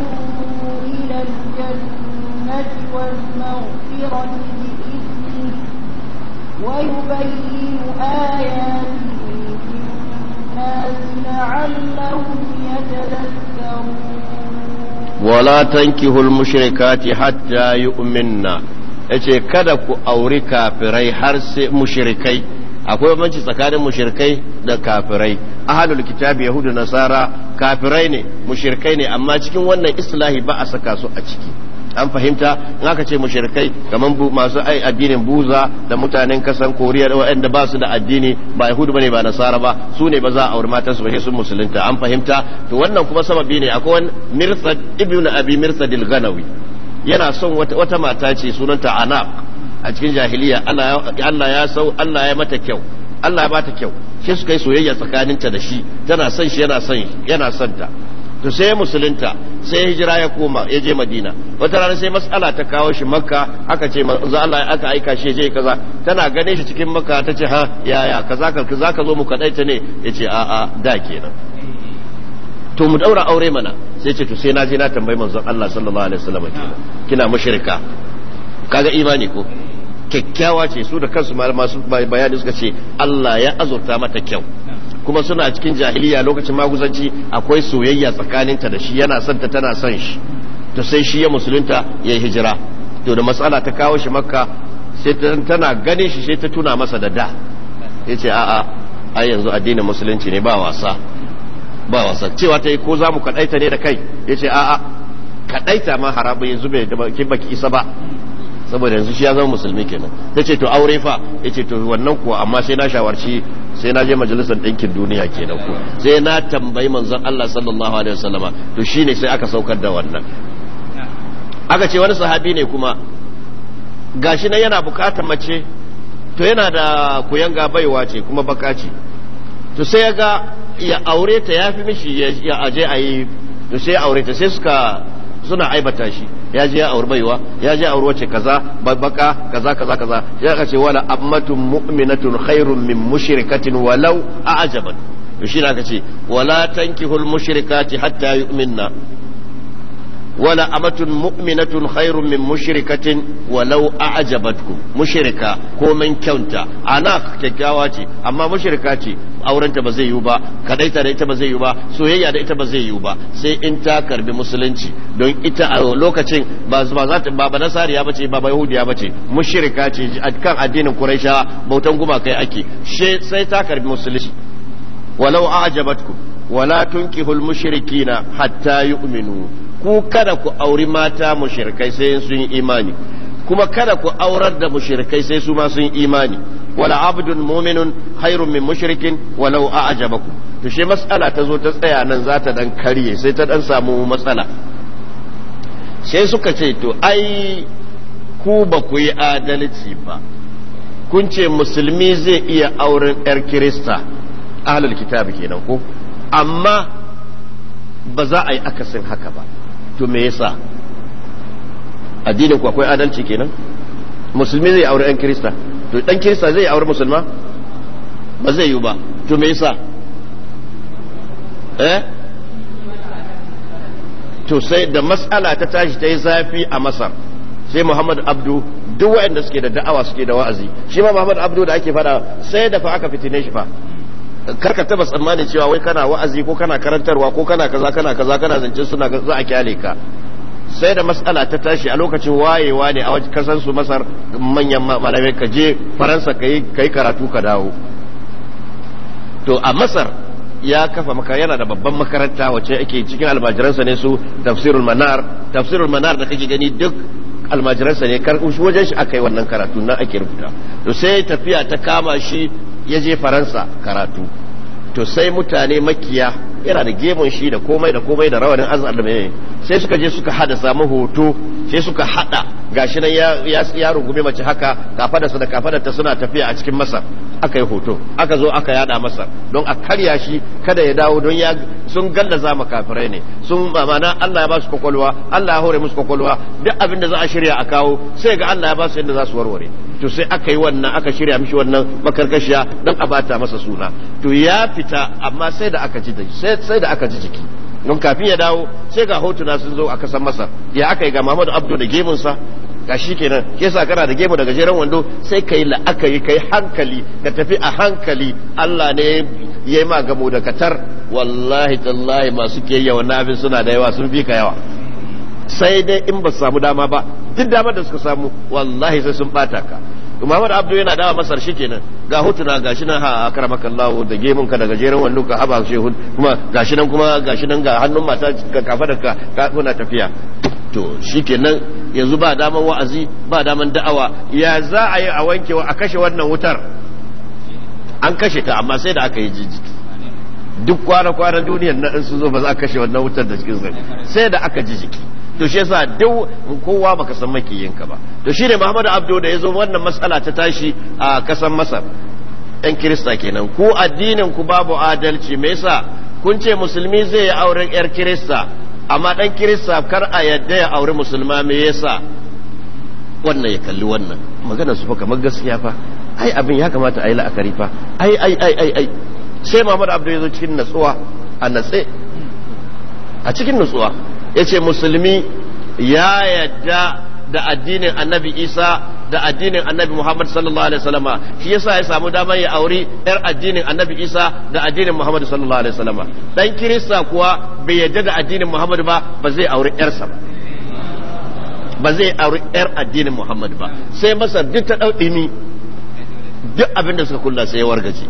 إلى الجنة والمغفرة بإذنه ويبين آياته للناس لعلهم يتذكرون ولا تنكه المشركات حتى يؤمننا yace kada ku auri kafirai har sai mushrikai akwai banci tsakanin mushrikai da kafirai ahlul kitabi yahudu nasara kafirai ne mushrikai ne amma cikin wannan islahi ba a saka su a ciki an fahimta in aka ce mushrikai kaman masu ai addinin buza da mutanen kasan koriya da waɗanda ba su da addini ba yahudu bane ba nasara ba su ne ba za a aure su ba sun musulunta an fahimta to wannan kuma sababi ne akwai wani mirsad ibnu abi mirsad al-ganawi yana son wata mata ce sunanta anaq a cikin jahiliya Allah ya sau Allah ya mata kyau Allah ya bata kyau shi suka yi soyayya tsakaninta da shi tana son shi yana son yana son ta to sai musulunta sai hijira ya koma ya je madina wata rana sai mas'ala ta kawo shi makka aka ce manzo Allah aka aika shi je kaza tana gane shi cikin makka ta ce ha yaya kaza ka kaza ka zo mu kadai ta ne ce a a da kenan to mu daura aure mana sai ce to sai na je na tambayi manzo Allah sallallahu alaihi wasallam kenan kina mushrika kaga imani ko kyakkyawa ce su da kansu su bayani suka ce Allah ya azurta mata kyau kuma suna cikin jahiliya lokacin maguzanci akwai soyayya tsakaninta da shi yana son ta tana son shi to sai shi ya musulunta ya hijira to da matsala ta kawo shi makka sai tana ganin shi sai ta tuna masa da da ya ce a'a ai yanzu addinin musulunci ne ba wasa ba wasa cewa ta yi ko za mu kaɗaita ne da kai ya ce a'a kaɗaita ma haramun yanzu bai da baki isa ba saboda yanzu shi ya zama musulmi kenan ta ce to aure fa ya ce to wannan kuwa amma sai na shawarci sai na je majalisar ɗinkin duniya kenan ku sai na tambayi manzon Allah sallallahu alaihi wasallama to shine sai aka saukar da wannan aka ce wani sahabi ne kuma gashi nan yana bukatar mace to yana da kuyanga baiwa ce kuma baka ce to sai ya ga ya aure ta ya fi mishi ya aje a to sai aure ta sai suka suna aibata shi ya je ya aure baiwa ya je aure wace kaza babbaka kaza kaza kaza ya ka ce wala ammatun mu'minatun khairun min mushrikatin walau a'jabat to shi aka ce wala tankihul mushrikati hatta yu'minna wala amatun mu'minatun khairun min mushrikatin walau a'jabatkum mushrika ko min kyauta ana kyakkyawa ce amma mushrika ce aurenta ba zai yiwu ba kadaita da ita ba zai yiwu ba soyayya da ita ba zai yiwu ba sai in ta karbi musulunci don ita a lokacin ba za ta ba nasariya bace ba ba yahudiya bace mushrika ce kan addinin quraisha bautan gumaka ake sai ta karbi musulunci walau a'jabatkum wala tunkihul na hatta yu'minu ku kada ku auri mata mushrikai sai sun yi imani kuma kada ku aurar da mushrikai sai su ma sun imani wala abdun mu'minun khairun min mushrikin walau a'jabaku to shi mas'ala ta zo ta tsaya nan za ta dan karye sai ta dan samu matsala sai suka ce to ai ku ba ku yi adalci ba kun ce musulmi zai iya auren 'yar kirista ahlul kitabi kenan ko amma ba za a yi akasin haka ba to me yasa addinin ku akwai adalci kenan musulmi zai aure ɗan kirista to ɗan kirista zai aure musulma ba zai yi ba to me yasa eh to sai da mas'ala ta tashi ta yi zafi a masar sai muhammad abdu duk waɗanda suke da da'awa suke da wa'azi shi ma muhammad abdu da ake fada sai da fa aka fitine shi fa karka taba tsammanin cewa wai kana wa'azi ko kana karantarwa ko kana kaza kana kaza kana zance suna za a kyale ka sai da mas'ala ta tashi a lokacin wayewa ne a wajen kasan su masar manyan malamai ka je faransa ka yi karatu ka dawo to a masar ya kafa maka yana da babban makaranta wacce ake cikin almajiransa ne su tafsirul manar tafsirul manar da kake gani duk almajiransa ne kar shi wajen shi akai wannan karatu nan ake rubuta to sai tafiya ta kama shi ya je faransa karatu to sai mutane makiya yana da gemun shi da komai da komai da rawanin azar da mai sai suka je suka hada samu hoto sai suka hada gashi nan ya ya rungume mace haka kafada su da kafada ta suna tafiya a cikin masar aka yi hoto aka zo aka yada masa don a karya shi kada ya dawo don ya sun gallaza ma kafirai ne sun mamana Allah ya ba su kwakwalwa Allah ya hore musu kwakwalwa duk abin da za a shirya a kawo sai ga Allah ya ba su yadda za su warware to sai aka yi wannan aka shirya mishi wannan makarkashiya don a bata masa suna to ya fita amma sai da aka ji da sai sai da aka ji jiki don kafin ya dawo sai ga hotuna sun zo a kasan masa ya aka yi ga Muhammadu Abdu da gemunsa ga shi kenan ke sa kana da gemu da gajeren wando sai ka yi la'akari ka yi hankali ka tafi a hankali Allah ne ya yi ma gamo da katar wallahi tallahi masu ke yawa nafin suna da yawa sun fi ka yawa sai dai in ba su samu dama ba duk damar da suka samu wallahi sai sun bata ka Muhammad Abdu yana dawa Masar shikenan ga hutuna gashi nan ha Allah da gemun ka da gajeren wando ka haba shehu kuma gashi nan kuma gashi nan ga hannun mata ka kafa da ka kuna tafiya to shikenan yanzu ba daman wa'azi ba daman da'awa ya za a yi a wankewa a kashe wannan wutar an kashe ta amma sai da aka yi jijiki duk kwana-kwanan duniyar na in sun zo ba za a kashe wannan wutar da cikin sai da aka jijiki to shi yasa duk kowa baka san ka ba to ne Muhammadu Abdu da yazo wannan matsala ta tashi a kasan Masar ɗan Kirista kenan ku addinin ku babu adalci me yasa kun ce musulmi zai yi auren yar Kirista amma ɗan Kirista kar a yadda ya auri musulma me yasa wannan ya kalli wannan magana su fa kamar gaskiya fa ai abin ya kamata a yi la'akari fa ai ai ai ai ai sai Muhammadu Abdo yazo cikin natsuwa a natse a cikin natsuwa yace musulmi ya yadda da addinin annabi isa da addinin annabi muhammad sallallahu alaihi wasallama shi yasa ya samu damar ya auri yar addinin annabi isa da addinin muhammad sallallahu alaihi wasallama dan kirista kuwa bai yadda da addinin muhammad ba ba zai auri yarsa ba ba zai auri yar addinin muhammad ba sai masa duk ta ɗauɗini duk abin da suka kulla sai ya wargaje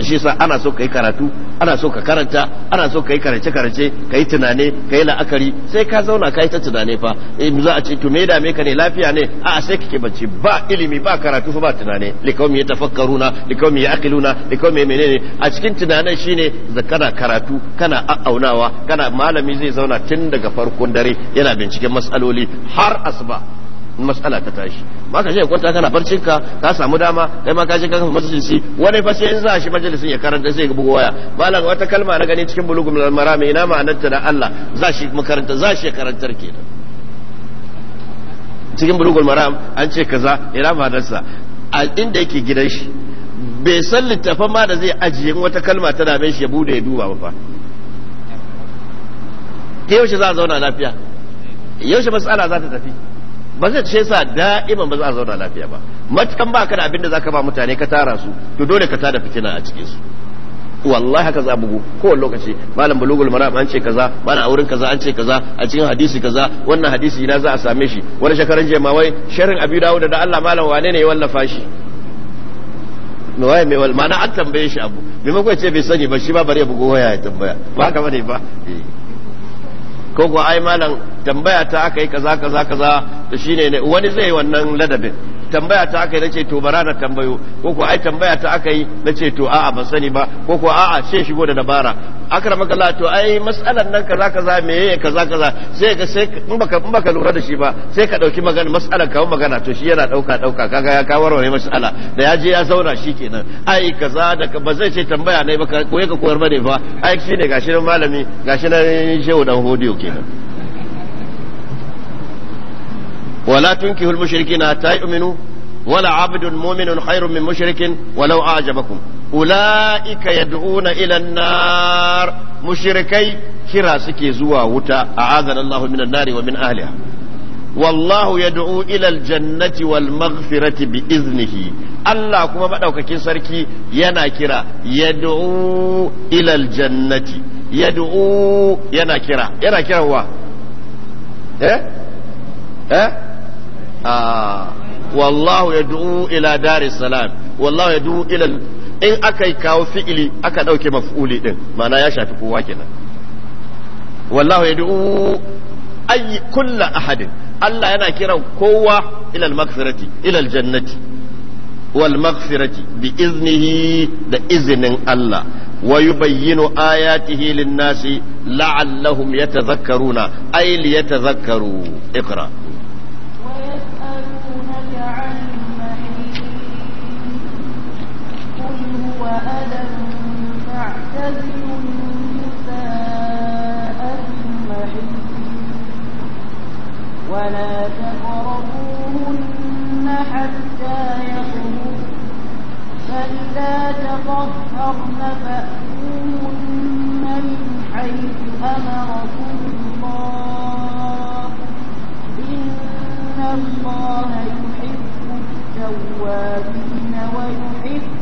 shi sa ana so ka yi karatu ana so ka karanta ana so ka yi karance karance ka yi tunane ka yi la'akari sai ka zauna ka yi ta tunane fa in eh, za a ce to me dame ka ne lafiya ne a sai kake bace ba ilimi ba karatu fa ba tunane likawmi ya tafakkaruna likawmi ya aqiluna ya menene a cikin tunanin shine kana karatu kana a'aunawa kana malami zai zauna tun daga farkon dare yana binciken matsaloli har asuba mas'ala ta tashi ba ka je kwanta kana barcin ka ka samu dama kai ma ka je ka kafa majalisi wani fa sai in za shi majalisin ya karanta sai ga bugu waya malam wata kalma na gani cikin bulugul marami ina ta da Allah za shi makaranta za shi karantar kenan cikin bulugul maram an ce kaza ina ma'anarsa a inda yake gidan shi bai san littafan ma da zai ajiye wata kalma ta dame shi ya bude ya duba ba fa yaushe za a zauna lafiya yaushe matsala za ta tafi ba zai ce sa da'iman ba za a zauna lafiya ba matukan ba ka da abin da ka ba mutane ka tara su to dole ka tada fitina a cikin su wallahi haka za bugu kowane lokaci malam bulugul maram an ce kaza malam aurin kaza an ce kaza a cikin hadisi kaza wannan hadisi na za a same shi wani shekaran jema wai sharhin abi dawo da Allah malam wane ne ya wallafa shi no waye me wal ma'ana an tambaye shi abu maimakon ce bai sani ba shi ba bare bugu waya ya tambaya ba haka bane ba eh. ko ko ai malam tambaya ta aka yi kaza kaza kaza da shine wani zai wannan ladabin tambaya ta aka yi nace to bara na tambayo ko ko ai tambaya ta aka yi nace to a'a ban sani ba ko ko a'a sai shigo da dabara akrama kallah to ai mas'alan nan kaza kaza meye kaza kaza sai ka sai in baka in baka lura da shi ba sai ka dauki magana mas'alan kawo magana to shi yana dauka dauka kaga ya ka warware mas'ala da ya je ya zauna shi kenan ai kaza da ba zai ce tambaya ne ba ko ka koyar bane fa ai shine gashi nan malami gashi nan shehu dan hodiyo kenan ولا تنكه المشركين حتى يؤمنوا ولا عبد مؤمن خير من مشرك ولو أعجبكم أولئك يدعون إلى النار مشركي كرا سكي زوا وتا أعاذنا الله من النار ومن أهلها والله يدعو إلى الجنة والمغفرة بإذنه Allah kuma maɗaukakin sarki yana kira yad'u ilal jannati yad'u yana kira yana kira wa eh eh Ah, wallahu yad'u ila dari salam wallahu yad'u ila in aka kawo fi'ili aka ɗauke maf'uli ɗin. ma'ana ya shafi kowa kenan wallahu yad'u ay kullu ahadin Allah yana kiran kowa ilal al-maghfirati ila jannati wal maghfirati bi iznihi da izinin Allah ويبين آياته للناس لعلهم يتذكرون أي ليتذكروا اقرأ أذى تعتزلوا النساء في المحيط ولا تقربوهن حتى يطهرن فإذا تطهرن فأتوهن من حيث أمركم الله إن الله يحب التوابين ويحب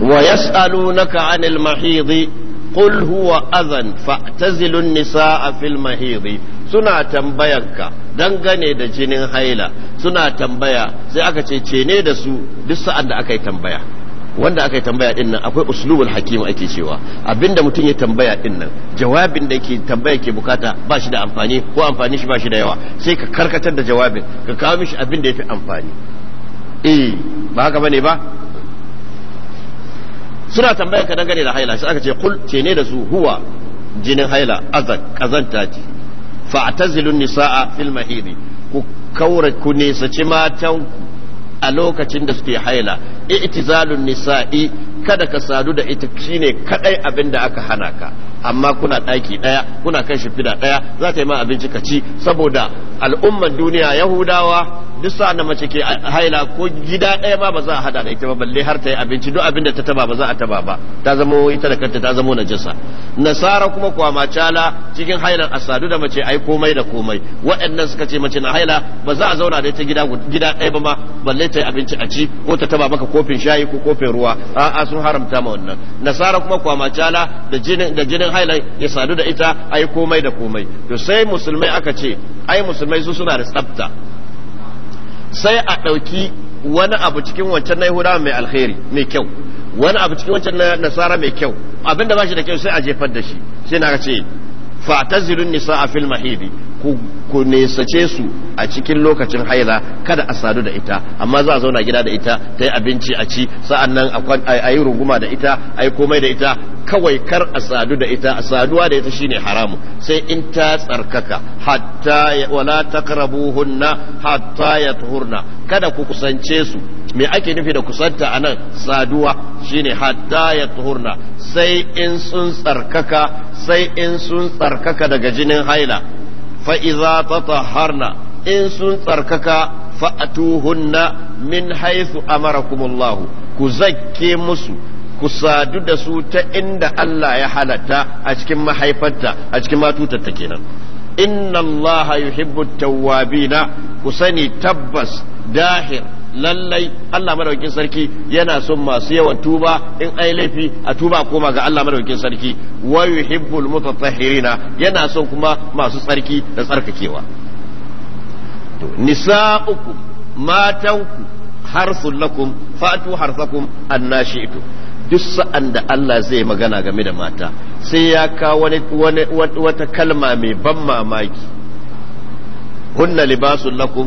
ويسألونك عن المحيض قل هو أذن فاعتزلوا النساء في المحيض suna tambayanka dangane da jinin haila suna tambaya sai aka ce ce da su duk sa'an da aka yi tambaya wanda aka yi tambaya din nan akwai uslubul hakimi ake cewa abinda mutum ya tambaya din nan jawabin da yake tambaya ke bukata ba shi da amfani ko amfani shi ba shi da yawa sai ka karkatar da jawabin ka kawo mishi abin da ya fi amfani eh ba haka bane ba suna tambayar ka dangane da haila sai aka ce kul ce ne da su huwa jinin haila azak kazanta fa fa'tazilun nisaa fil mahidi ku kaura ku nisaci matan a lokacin da suke haila i'tizalun nisa'i kada ka sadu da ita shine kadai abin da aka hana ka amma kuna daki daya kuna kan shimfiɗa ɗaya za ta yi ma abinci ka ci saboda al'ummar duniya yahudawa duk sa'an da mace ke haila ko gida ɗaya ma ba za a hada da ita ba balle har ta yi abinci duk abin da ta taba ba za a taba ba ta zamo ita da kanta ta zama najasa nasara kuma kuwa macala cikin hailan asadu da mace ai komai da komai waɗannan suka ce mace na haila ba za a zauna da ita gida gida ɗaya ba ma balle ta yi abinci a ci ko ta taba maka kofin shayi ko kofin ruwa a'a sun haramta ma wannan nasara kuma kuwa macala da jinin da jinin wajen haila ya sadu da ita ai komai da komai to sai musulmai aka ce ai musulmai su suna da tsafta sai a ɗauki wani abu cikin wancan na mai alheri mai kyau wani abu cikin wancan nasara mai kyau abinda ba shi da kyau sai a jefar da shi sai na ce fa fatazilun nisa a fil mahidi ku ku nesace su a cikin lokacin haila kada a sadu da ita amma za a zauna gida da ita ta yi abinci a ci sa'an nan a yi runguma da ita a yi komai da ita kawai kar a sadu da ita a saduwa da ita shine haramu sai in ta tsarkaka hatta wala hunna hatta yatuhurna kada ku kusance su me ake nufi da kusanta a nan saduwa shine hatta ya tuhurna sai in sun tsarkaka sai in sun tsarkaka daga jinin haila fa'iza tataharna in sun tsarkaka fa'atuhunna min haisu amarakumullahu ku zakke musu ku sadu da su ta inda Allah ya halatta a cikin mahaifarta a cikin matutarta kenan inna Allah yuhibbu tawwabina ku sani tabbas dahir lallai Allah madaukakin sarki yana son masu yawan tuba in ai laifi a tuba koma ga Allah madaukakin sarki wa yuhibbul mutatahhirina yana son kuma masu tsarki da tsarkakewa to nisa'ukum matanku harsul lakum fatu harsakum annashi'tu duk sa'an da Allah zai magana game da mata sai ya kawo wata kalma mai ban mamaki hunna libasul lakum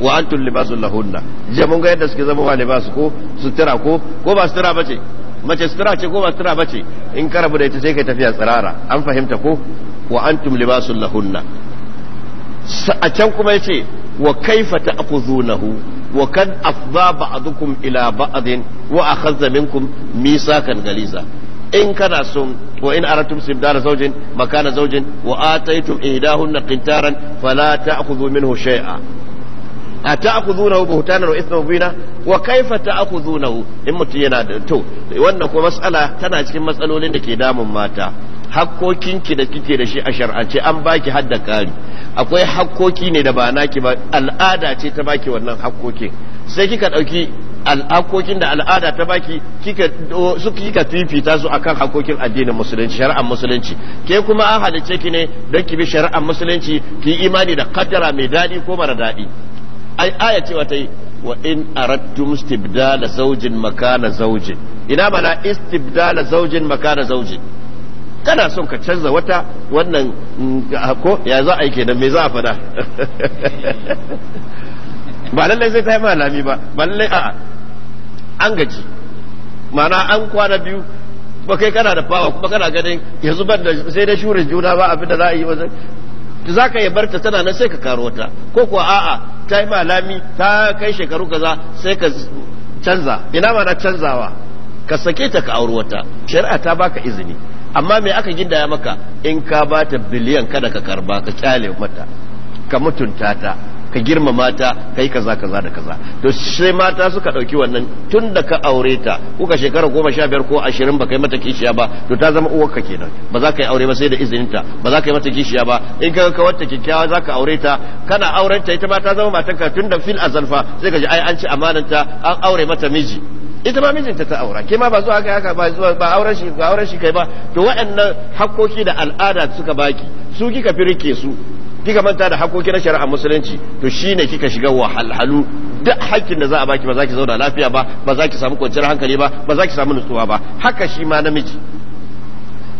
wa antum libasul lahunna je mun ga yadda suke zama wa libasu ko sutura ko ko ba sutura bace mace sutura ce ko ba sutura bace in ka rabu da ita sai kai tafiya tsirara an fahimta ko wa antum libasul lahunna a can kuma yace wa kaifa ta'khuzunahu wa kad afdha ba'dukum ila ba'din wa akhadha minkum misakan galiza in kana son wa in aratum sibdara zawjin makana zawjin wa ataytum ihdahunna qintaran fala ta'khudhu minhu shay'a ata'khudunahu buhtanan wa ithman bina wa kaifa hu in mutum yana da to wannan kuma matsala tana cikin matsalolin da ke damun mata hakkokinki da kike da shi a shar'ance an baki hadda kari akwai hakkoki ne da ba naki ba al'ada ce ta baki wannan hakkokin sai kika dauki al'akokin da al'ada ta baki kika su kika fifita su akan hakokin addinin musulunci shari'ar musulunci ke kuma an halicce ki ne don ki bi shari'ar musulunci ki imani da kaddara mai daɗi ko mara daɗi. ai aya cewa ta yi wa in aradtum istibdala zawjin makana zawjin ina mana istibdala zawjin makana zawjin kana son ka canza wata wannan mm, ko ya za a yi kenan me za a fada ba lallai sai ta malami ba ba lallai a'a an gaji mana an kwana biyu ba kai kana da fawa kuma kana ganin yanzu ban da sai da shurin juna ba abin da za a yi wajen za ka ya barta tana nan sai ka karo ta ko kuwa a'a ta yi malami ta kai shekaru kaza sai ka canza ina mana canzawa ka sake ta ka auri wata shari'a ta baka izini amma me aka gindaya maka in ka bata biliyan kada ka karba ka kyale mata ka mutunta ta ka girma mata kai kaza kaza da kaza to sai mata suka ɗauki wannan tun da ka aure ta kuka shekara goma sha biyar ko ashirin ba kai mata kishiya ba to ta zama uwar ka kenan ba za ka yi aure ba sai da ta ba za ka yi mata kishiya ba in ka ga wata kyakkyawa za ka aure ta kana auren ta ita ma ta zama matanka tun da fil azalfa sai ka ji ai an ci amananta an aure mata miji ita ma mijinta ta aura ke ma ba zuwa ga haka ba zuwa ba auren shi ba auren shi kai ba to waɗannan hakkoki da al'ada suka baki su kika firke su kika manta da hakoki na shari'a musulunci to shine kika shiga wahalhalu duk hakkin da za a baki ba za ki zauna lafiya ba ba za ki samu kwanciyar hankali ba ba za ki samu nutsuwa ba haka shi ma namiji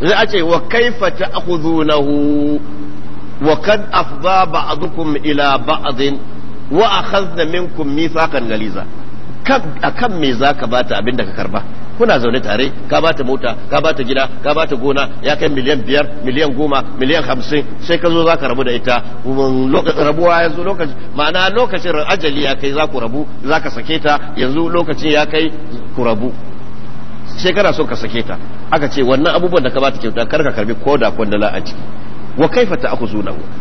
zai a ce wa kaifa ta'khudunahu wa kad afdha ba'dukum ila ba'din wa akhadna minkum mithaqan galiza kan akan me zaka bata abinda ka karba kuna zaune tare ka ba ta mota ka ba ta gida ka ba ta gona ya kai miliyan biyar miliyan goma miliyan hamsin sai ka zo za ka rabu da ita rabuwa ya zo lokaci ma'ana lokacin ajali ya kai za ku rabu za ka sake ta yanzu lokacin ya kai ku rabu sai kana so ka sake ta aka ce wannan abubuwan da ka ba ta kyauta kar ka karbi ko da kwandala a ciki wa kaifa a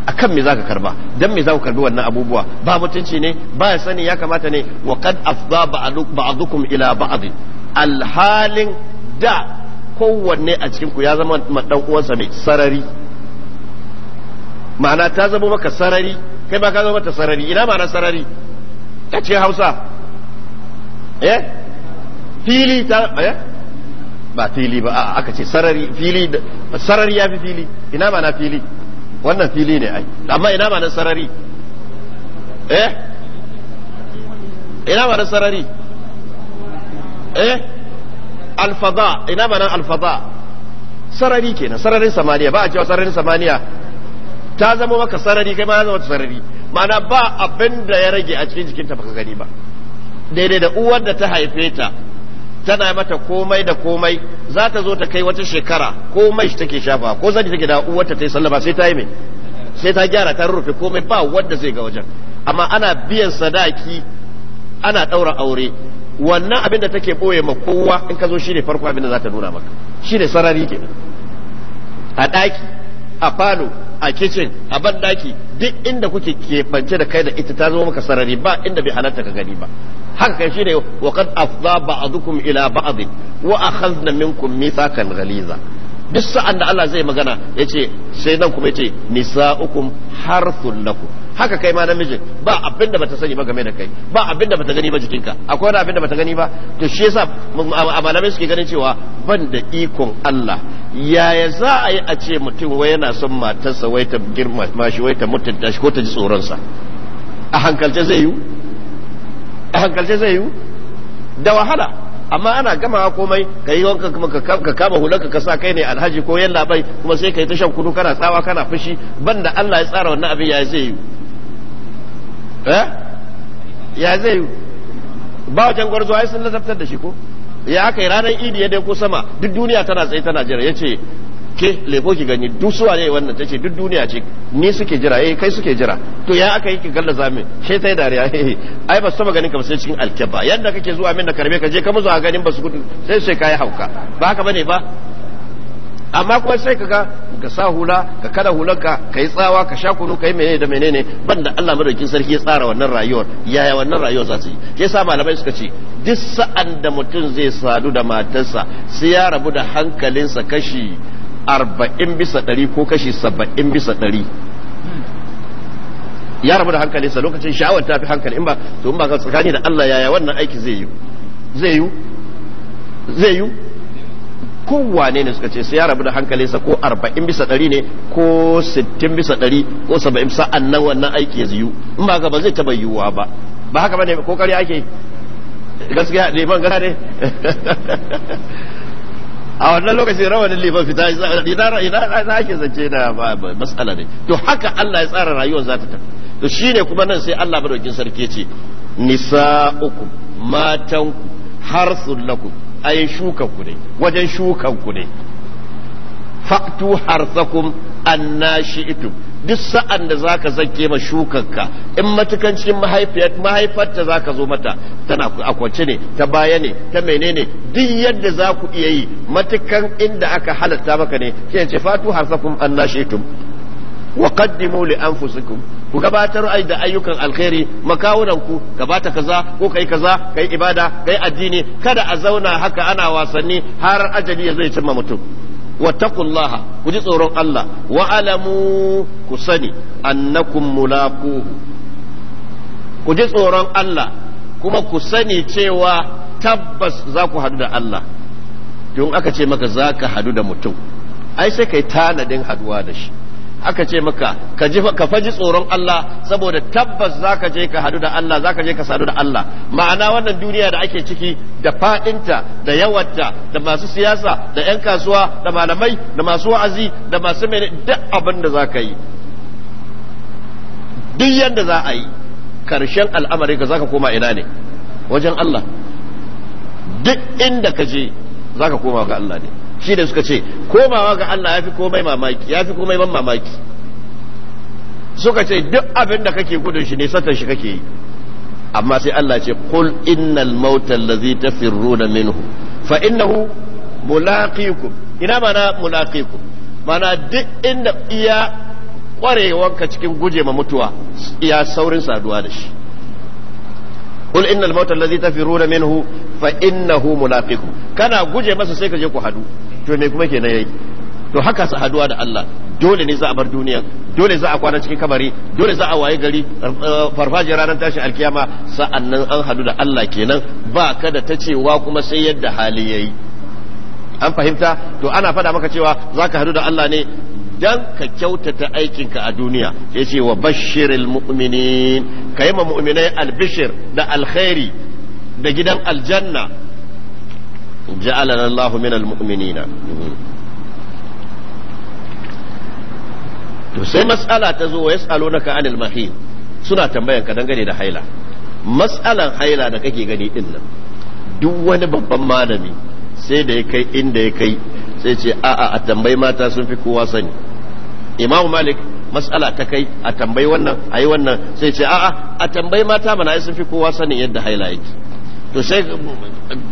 akan me zaka karba dan me zaka karbi wannan abubuwa ba mutunci ne ba ya sani ya kamata ne wa kad afda ba'dukum ila ba'd alhalin da kowanne a cikinku ya zama dan uwansa mai sarari ma'ana ta zama maka sarari kai ba ka zama mata sarari ina ma'ana sarari ta ce hausa eh fili ta eh ba fili ba aka ce sarari fili sarari ya fi fili ina ma'ana fili wannan fili ne ai amma ina ma'ana sarari eh ina ma'ana sarari eh alfada ina ba nan alfada sarari kenan sararin samaniya ba a cewa sararin samaniya ta zama maka sarari kai ma ya zama sarari mana ba abinda ya rage a cikin jikinta baka gani ba daidai da uwar da ta haife ta tana mata komai da komai za ta zo ta kai wata shekara mai shi take shafa ko zani take da uwarta ta yi sallama sai ta yi mai sai ta gyara ta rufe komai ba wanda zai ga wajen amma ana biyan sadaki ana ɗaura aure wannan abin da take boye ma kowa in ka zo ne farko abin da za ta nuna maka ne sarari ke a ɗaki a falo a kicin a banɗaki duk inda kuke keɓance da kai da ita ta zo maka sarari ba inda bai halatta ka gani ba haka kai shine wa kad afza ba'dukum ila ba'd wa akhadna minkum mithaqan ghaliza duk sa'an da Allah zai magana yace sai nan kuma yace nisa'ukum harthul lakum haka kai ma namijin ba abin da bata sani ba game da kai ba abin da bata gani ba jikinka akwai wani abin da bata gani ba to shi yasa malamai suke ganin cewa ban da ikon Allah yaya za a yi a ce mutum wai yana son matarsa wai ta girma mashi wai ta mutunta shi ko ta ji tsoronsa a hankalce zai yiwu a hankalce zai yiwu da wahala amma ana gama komai ka yi wanka kuma ka kama hulanka ka sa kai ne alhaji ko yalla bai kuma sai ka yi ta shan kudu kana tsawa kana fushi banda Allah ya tsara wannan abin ya zai yiwu eh ya zai ba wajen gwarzo ai sun lasaftar da shi ko ya aka yi ranar idi ya dai ko sama duk duniya tana tsaye tana jira ya ce ke lebo ki gani duk suwa ne wannan ta ce duk duniya ce ni suke jira eh kai suke jira to ya aka yi ki galla zamin she yi dariya ai ba su taba ganin ka sai cikin alkeba yadda kake zuwa min da karbe ka je ka muzo a ganin ba su gudu sai sai kai hauka ba haka bane ba amma kuma sai ka ga ka sa hula ka kada hulanka ka yi tsawa ka sha kunu ka yi menene da menene banda Allah madaukin sarki ya tsara wannan rayuwar yaya wannan rayuwar za ta yi ke sa malamai suka ce duk sa'an da mutum zai sadu da matarsa sai ya rabu da hankalinsa kashi arba'in bisa ɗari ko kashi saba'in bisa ɗari ya rabu da hankalinsa lokacin sha'awar ta fi hankali in ba to in ba ka tsakani da Allah yaya wannan aiki zai yi zai yi zai yi kowane ne suka ce sai ya rabu da hankalinsa ko arba'in bisa ɗari ne ko sittin bisa ɗari ko saba'in sa'an nan wannan aiki ya ziyu in ba haka ba zai taɓa yiwuwa ba ba haka ba ne ko ake gaskiya liman gana ne a wannan lokacin rawanin liman fita ina ake zance na matsala ne to haka Allah ya tsara rayuwar za ta tafi to shine kuma nan sai Allah madaukin sarki ce nisa uku matanku harsun lakum ai shukan ku ne wajen shukan ku ne fa'tu harsakum annashi'tum duk sa'an da zaka zake ma ka in matukancin mahaifiyar mahaifar ta zaka zo mata tana a kwance ne ta baya ne ta menene duk yadda za ku iya yi matukan inda aka halatta maka ne ke ce fatu harsakum annashi'tum wa qaddimu li anfusikum ku gabatar ai da ayyukan alkhairi makawunan ku gabata kaza ko kai kaza kai ibada kai addini kada a zauna haka ana wasanni har ajali ya zai cimma mutum wattaqullaha ku ji tsoron Allah wa alamu ku sani annakum mulaquhu ku ji tsoron Allah kuma ku sani cewa tabbas za ku hadu da Allah tun aka ce maka za ka hadu da mutum ai sai kai tanadin haduwa da shi aka ce maka ka ji ka faji tsoron Allah saboda tabbas zaka je ka hadu da Allah zaka je ka sadu da Allah ma'ana wannan duniya da ake ciki da fadinta da yawarta da masu siyasa da yan kasuwa da malamai da masu wa'azi da masu mene duk abin da zaka yi duk yanda za a yi karshen al'amari ka zaka koma ina ne wajen Allah duk inda ka je zaka koma ga Allah ne shi da suka ce komawa ga Allah ya fi komai mamaki ya fi komai ban mamaki suka ce duk abin da kake gudun shi ne satan shi kake yi amma sai Allah ce kul innal mauta allazi tafirruna minhu fa innahu mulaqikum ina mana mulaqikum mana duk inda iya kwarewanka cikin guje ma mutuwa iya saurin saduwa da shi kul innal mauta allazi tafirruna minhu fa innahu mulaqikum kana guje masa sai ka je ku hadu to me kuma kenan yayi to haka su haduwa da Allah dole ne za a bar duniya dole za a kwana cikin kabari dole za a waye gari eh, farfajiyar ranar tashin alkiyama sa'annan an hadu da Allah kenan ba ka da ta cewa kuma sai yadda hali yayi an fahimta to ana fada maka cewa zaka hadu da Allah ne dan ka kyautata aikinka a duniya ya ce wa bashiril mu'minin ka yi ma mu'minai albishir da alkhairi da gidan aljanna ja'alana Allah minal mu'minina to sai mas'ala ta zo yas'alunaka anil mahid suna tambayan ka dangane da haila Matsalan haila da kake gani din nan duk wani babban malami sai da ya kai inda ya kai sai ce a'a a tambayi mata sun fi kowa sani imam malik matsala ta kai a tambayi wannan ayi wannan sai ce a'a a tambayi mata mana sun fi kowa sani yadda haila yake to sai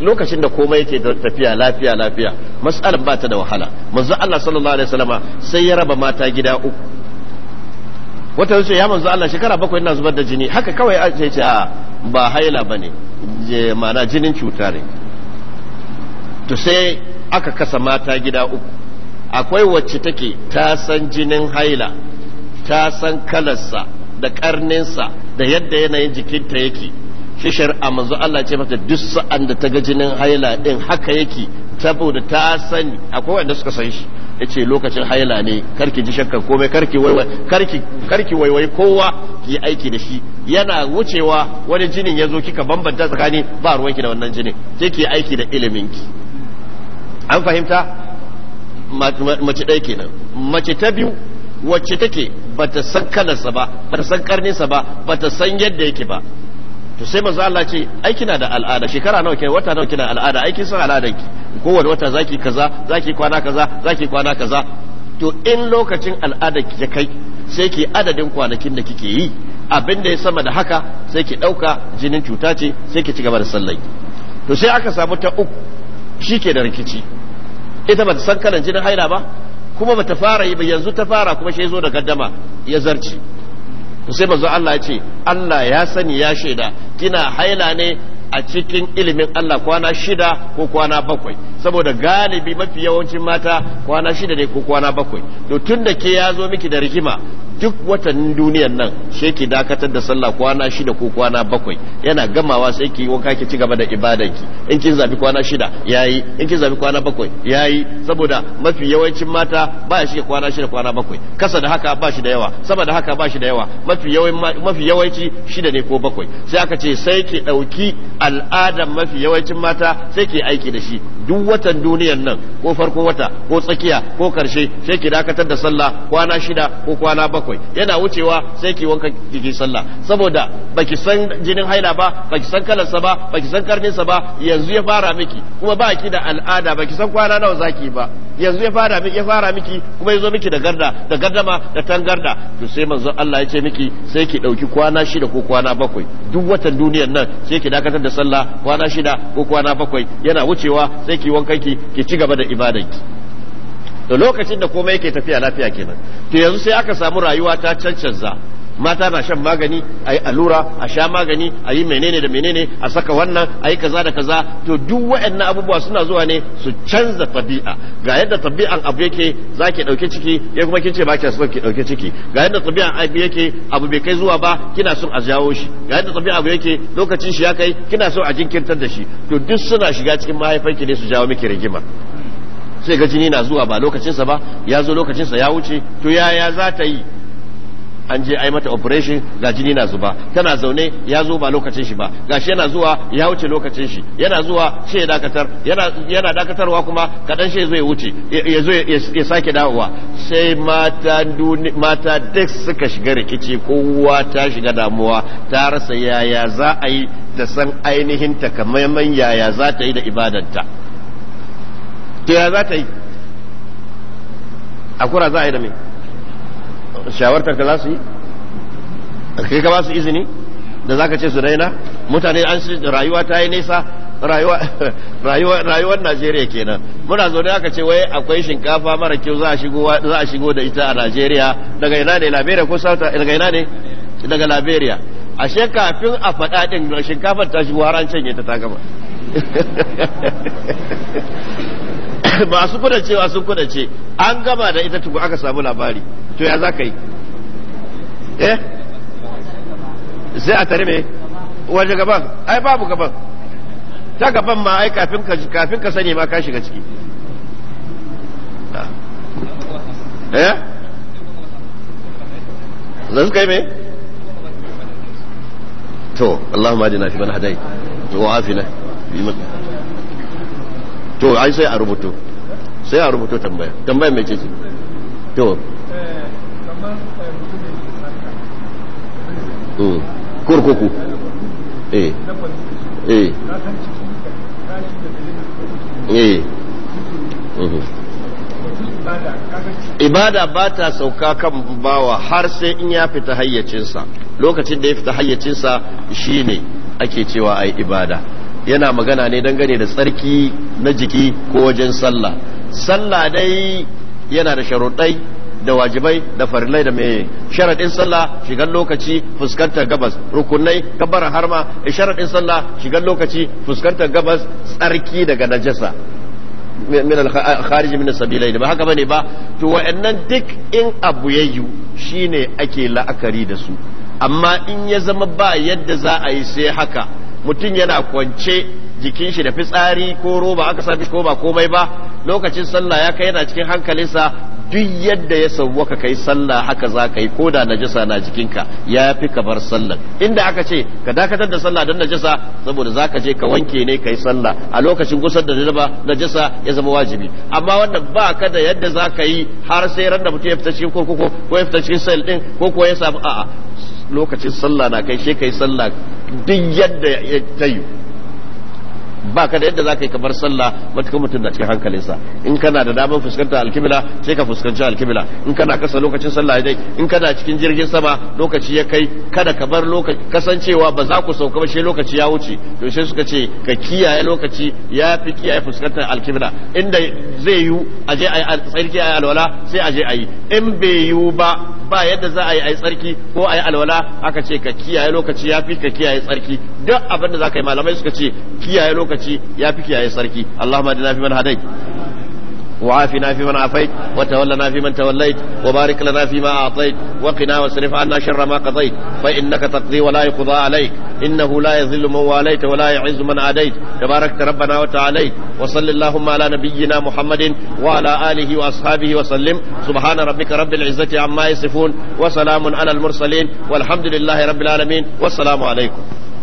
lokacin da komai yake tafiya lafiya lafiya mas'alar ba ta da wahala manzo Allah sallallahu alaihi wasallama sai ya raba mata gida uku wata ce ya manzo Allah shekara bakwai ina zubar da jini haka kawai a ce a ba haila bane je ma'ana jinin cuta ne to sai aka kasa mata gida uku akwai wacce take ta san jinin haila ta san kalarsa da karninsa da yadda yanayin jikinta yake shi shari'a manzo Allah ce mata duk sa'an da ta ga jinin haila din haka yake saboda ta sani akwai wanda suka san shi yace lokacin haila ne karki ji shakkar komai karki waiwai karki karki waiwai kowa ki aiki da shi yana wucewa wani jinin ya zo kika bambanta tsakani ba ruwanki da wannan jinin ke ki aiki da ki. an fahimta mace ɗaya kenan mace ta biyu wacce take bata san kalarsa ba bata san karninsa ba bata san yadda yake ba to sai manzo Allah ce ai kina da al'ada shekara nawa kina wata nawa kina al'ada ai kin san al'adan ki kowanne wata zaki kaza zaki kwana kaza zaki kwana kaza to in lokacin al'ada ki ya kai sai ki adadin kwanakin da kike yi abin da ya sama da haka sai ki dauka jinin cuta ce sai ki ci gaba da sallah to sai aka samu ta uku shike da rikici ita bata san kalan jinin haila ba kuma bata fara yi ba yanzu ta fara kuma shi zo da gaddama ya zarci to sai manzo Allah ya ce Allah ya sani ya shaida kina haila ne a cikin ilimin Allah kwana shida ko kwana bakwai saboda galibi mafi yawancin mata kwana shida ne ko kwana bakwai to tun da ke ya zo miki da rigima duk watannin duniyan nan sai ki dakatar da sallah kwana shida ko kwana bakwai yana gamawa sai ki wanka ki ci gaba da ibadanki in kin zabi kwana shida yayi in kin zabi kwana bakwai yayi saboda mafi yawancin mata ba shi kwana shida kwana bakwai kasa da haka ba shi da yawa saboda da haka ba shi da yawa mafi yawanci mafi yawanci shida ne ko bakwai sai aka ce sai ki dauki al'adar mafi yawancin mata sai ki aiki da shi duk watan duniyan nan ko farko wata ko tsakiya ko karshe sai ki dakatar da sallah kwana shida ko kwana bakwai bakwai yana wucewa sai ki wanka kike sallah saboda baki san jinin haila ba baki san kalarsa ba baki san karninsa ba yanzu ya fara miki kuma ba ki da al'ada baki san kwana nawa zaki ba yanzu ya fara miki ya fara miki kuma yazo miki da garda da gardama da tangarda to sai manzon Allah ya ce miki sai ki dauki kwana shida ko kwana bakwai duk watan duniyar nan sai ki dakatar da sallah kwana shida ko kwana bakwai yana wucewa sai ki wankanki ki ci gaba da ibadanki da lokacin da komai yake tafiya lafiya kenan to yanzu sai aka samu rayuwa ta cancanza mata na shan magani a yi allura a sha magani a yi menene da menene a saka wannan a yi kaza da kaza to duk waɗannan abubuwa suna zuwa ne su canza tabi'a ga yadda tabi'an abu yake za ki ɗauki ciki ya kuma kin ce ba ki son ki ɗauki ciki ga yadda tabi'an abu yake abu bai kai zuwa ba kina son a jawo shi ga yadda tabi'an abu yake lokacin shi ya kai kina son a jinkirtar da shi to duk suna shiga cikin mahaifanki ne su jawo miki rigima sai ga jini na zuwa ba lokacinsa ba ya zo lokacinsa ya wuce to yaya za ta yi an je ai mata operation ga jini na zuba tana zaune ya zo ba lokacin shi ba gashi yana zuwa ya wuce lokacin shi yana zuwa shi ya dakatar yana dakatarwa kuma kadan shi zai wuce ya zo ya sake dawowa sai mata mata duk suka shiga rikici kowa ta shiga damuwa ta rasa yaya za a yi da san ainihin takamaiman yaya za ta yi da ibadanta to ya za ta yi kura za a yi da mai shawartar ka za su yi kai ka ba su izini da za ka ce su daina mutane an rayuwa ta yi nisa rayuwar Najeriya kenan muna zaune aka ce wai akwai shinkafa mara kyau za a shigo da ita a Najeriya daga ina ne Liberia ko sauta daga ina ne daga Liberia ashe kafin a faɗa din shinkafar ta shigo har an canye ta ta gama ba su kuda cewa sun kuda ce an gama da ita tuku aka samu labari to ya za ka yi eh sai a tare me waje gaban ai babu gaban ta gaban ma ai kafin ka kafin ka sani ma ka shiga ciki ah. eh za su kai me to Allahumma adina fi man hadai wa afina to ai sai a rubuto sai a rubuto tambaya tambaya mai ce to eh, eh, mm. kurkuku eh eh eh mhm. ibada ba ta sauka kan bawa har sai in ya fita hayyacinsa lokacin da ya fita hayyacinsa shine ake cewa ai ibada yana magana ne dangane da tsarki na jiki ko wajen sallah sallah dai yana da sharuɗai da wajibai da farilai da mai sharaɗin sallah shigar lokaci fuskantar gabas rukunai gabaran harma sharaɗin sallah shigar lokaci fuskantar gabas tsarki daga najasa min al khariji min sabilai ba haka bane ba to wa'annan duk in abu yayyu shine ake la'akari da su amma in ya zama ba yadda za a yi sai haka mutum yana kwance jikin shi da fitsari ko roba aka sa ko ba komai ba lokacin sallah ya kai yana cikin hankalinsa duk yadda ya sauwaka kai sallah haka za ka yi ko da najasa na jikinka ya fi ka bar sallah inda aka ce ka dakatar da sallah don najasa saboda za ka je ka wanke ne ka yi sallah a lokacin kusan da zama najasa ya zama wajibi amma wannan ba ka da yadda za ka yi har sai ran da mutum ya fita cikin kurkuku ko ya fita cikin sel din ko ko ya samu a'a lokacin sallah na kai sai ka sallah duk yadda ya tayi ba ka da yadda za ka yi kamar sallah matuƙar mutum na cikin hankalinsa in kana da damar fuskantar alkibila sai ka fuskanci alkibila in kana kasa lokacin sallah dai in kana cikin jirgin sama lokaci ya kai kada ka bar lokaci kasancewa ba za ku sauka ba shi lokaci ya wuce to sai suka ce ka kiyaye lokaci ya fi kiyaye fuskantar alkibila inda zai yiwu a je a yi tsarki a yi alwala sai a je a yi in bai yiwu ba ba yadda za a yi a yi tsarki ko a yi alwala aka ce ka kiyaye lokaci ya fi ka kiyaye tsarki duk abin da za ka yi malamai suka ce kiyaye lokaci ce ya fi kiyaye sarki Allah ma dina fi man hadai wa na fi man afai wa tawalla na fi man tawallai wa barik lana fi ma atai wa qina wa sarif anna sharra ma qadai fa innaka taqdi wa la yuqda alayk innahu la yadhillu man walayta wa la yu'izzu man adayt tabarakta rabbana wa ta'ala wa salli allahumma ala nabiyyina muhammadin wa ala alihi wa ashabihi wa sallim subhana rabbika rabbil izzati amma yasifun wa salamun ala al mursalin walhamdulillahi rabbil alamin wassalamu alaikum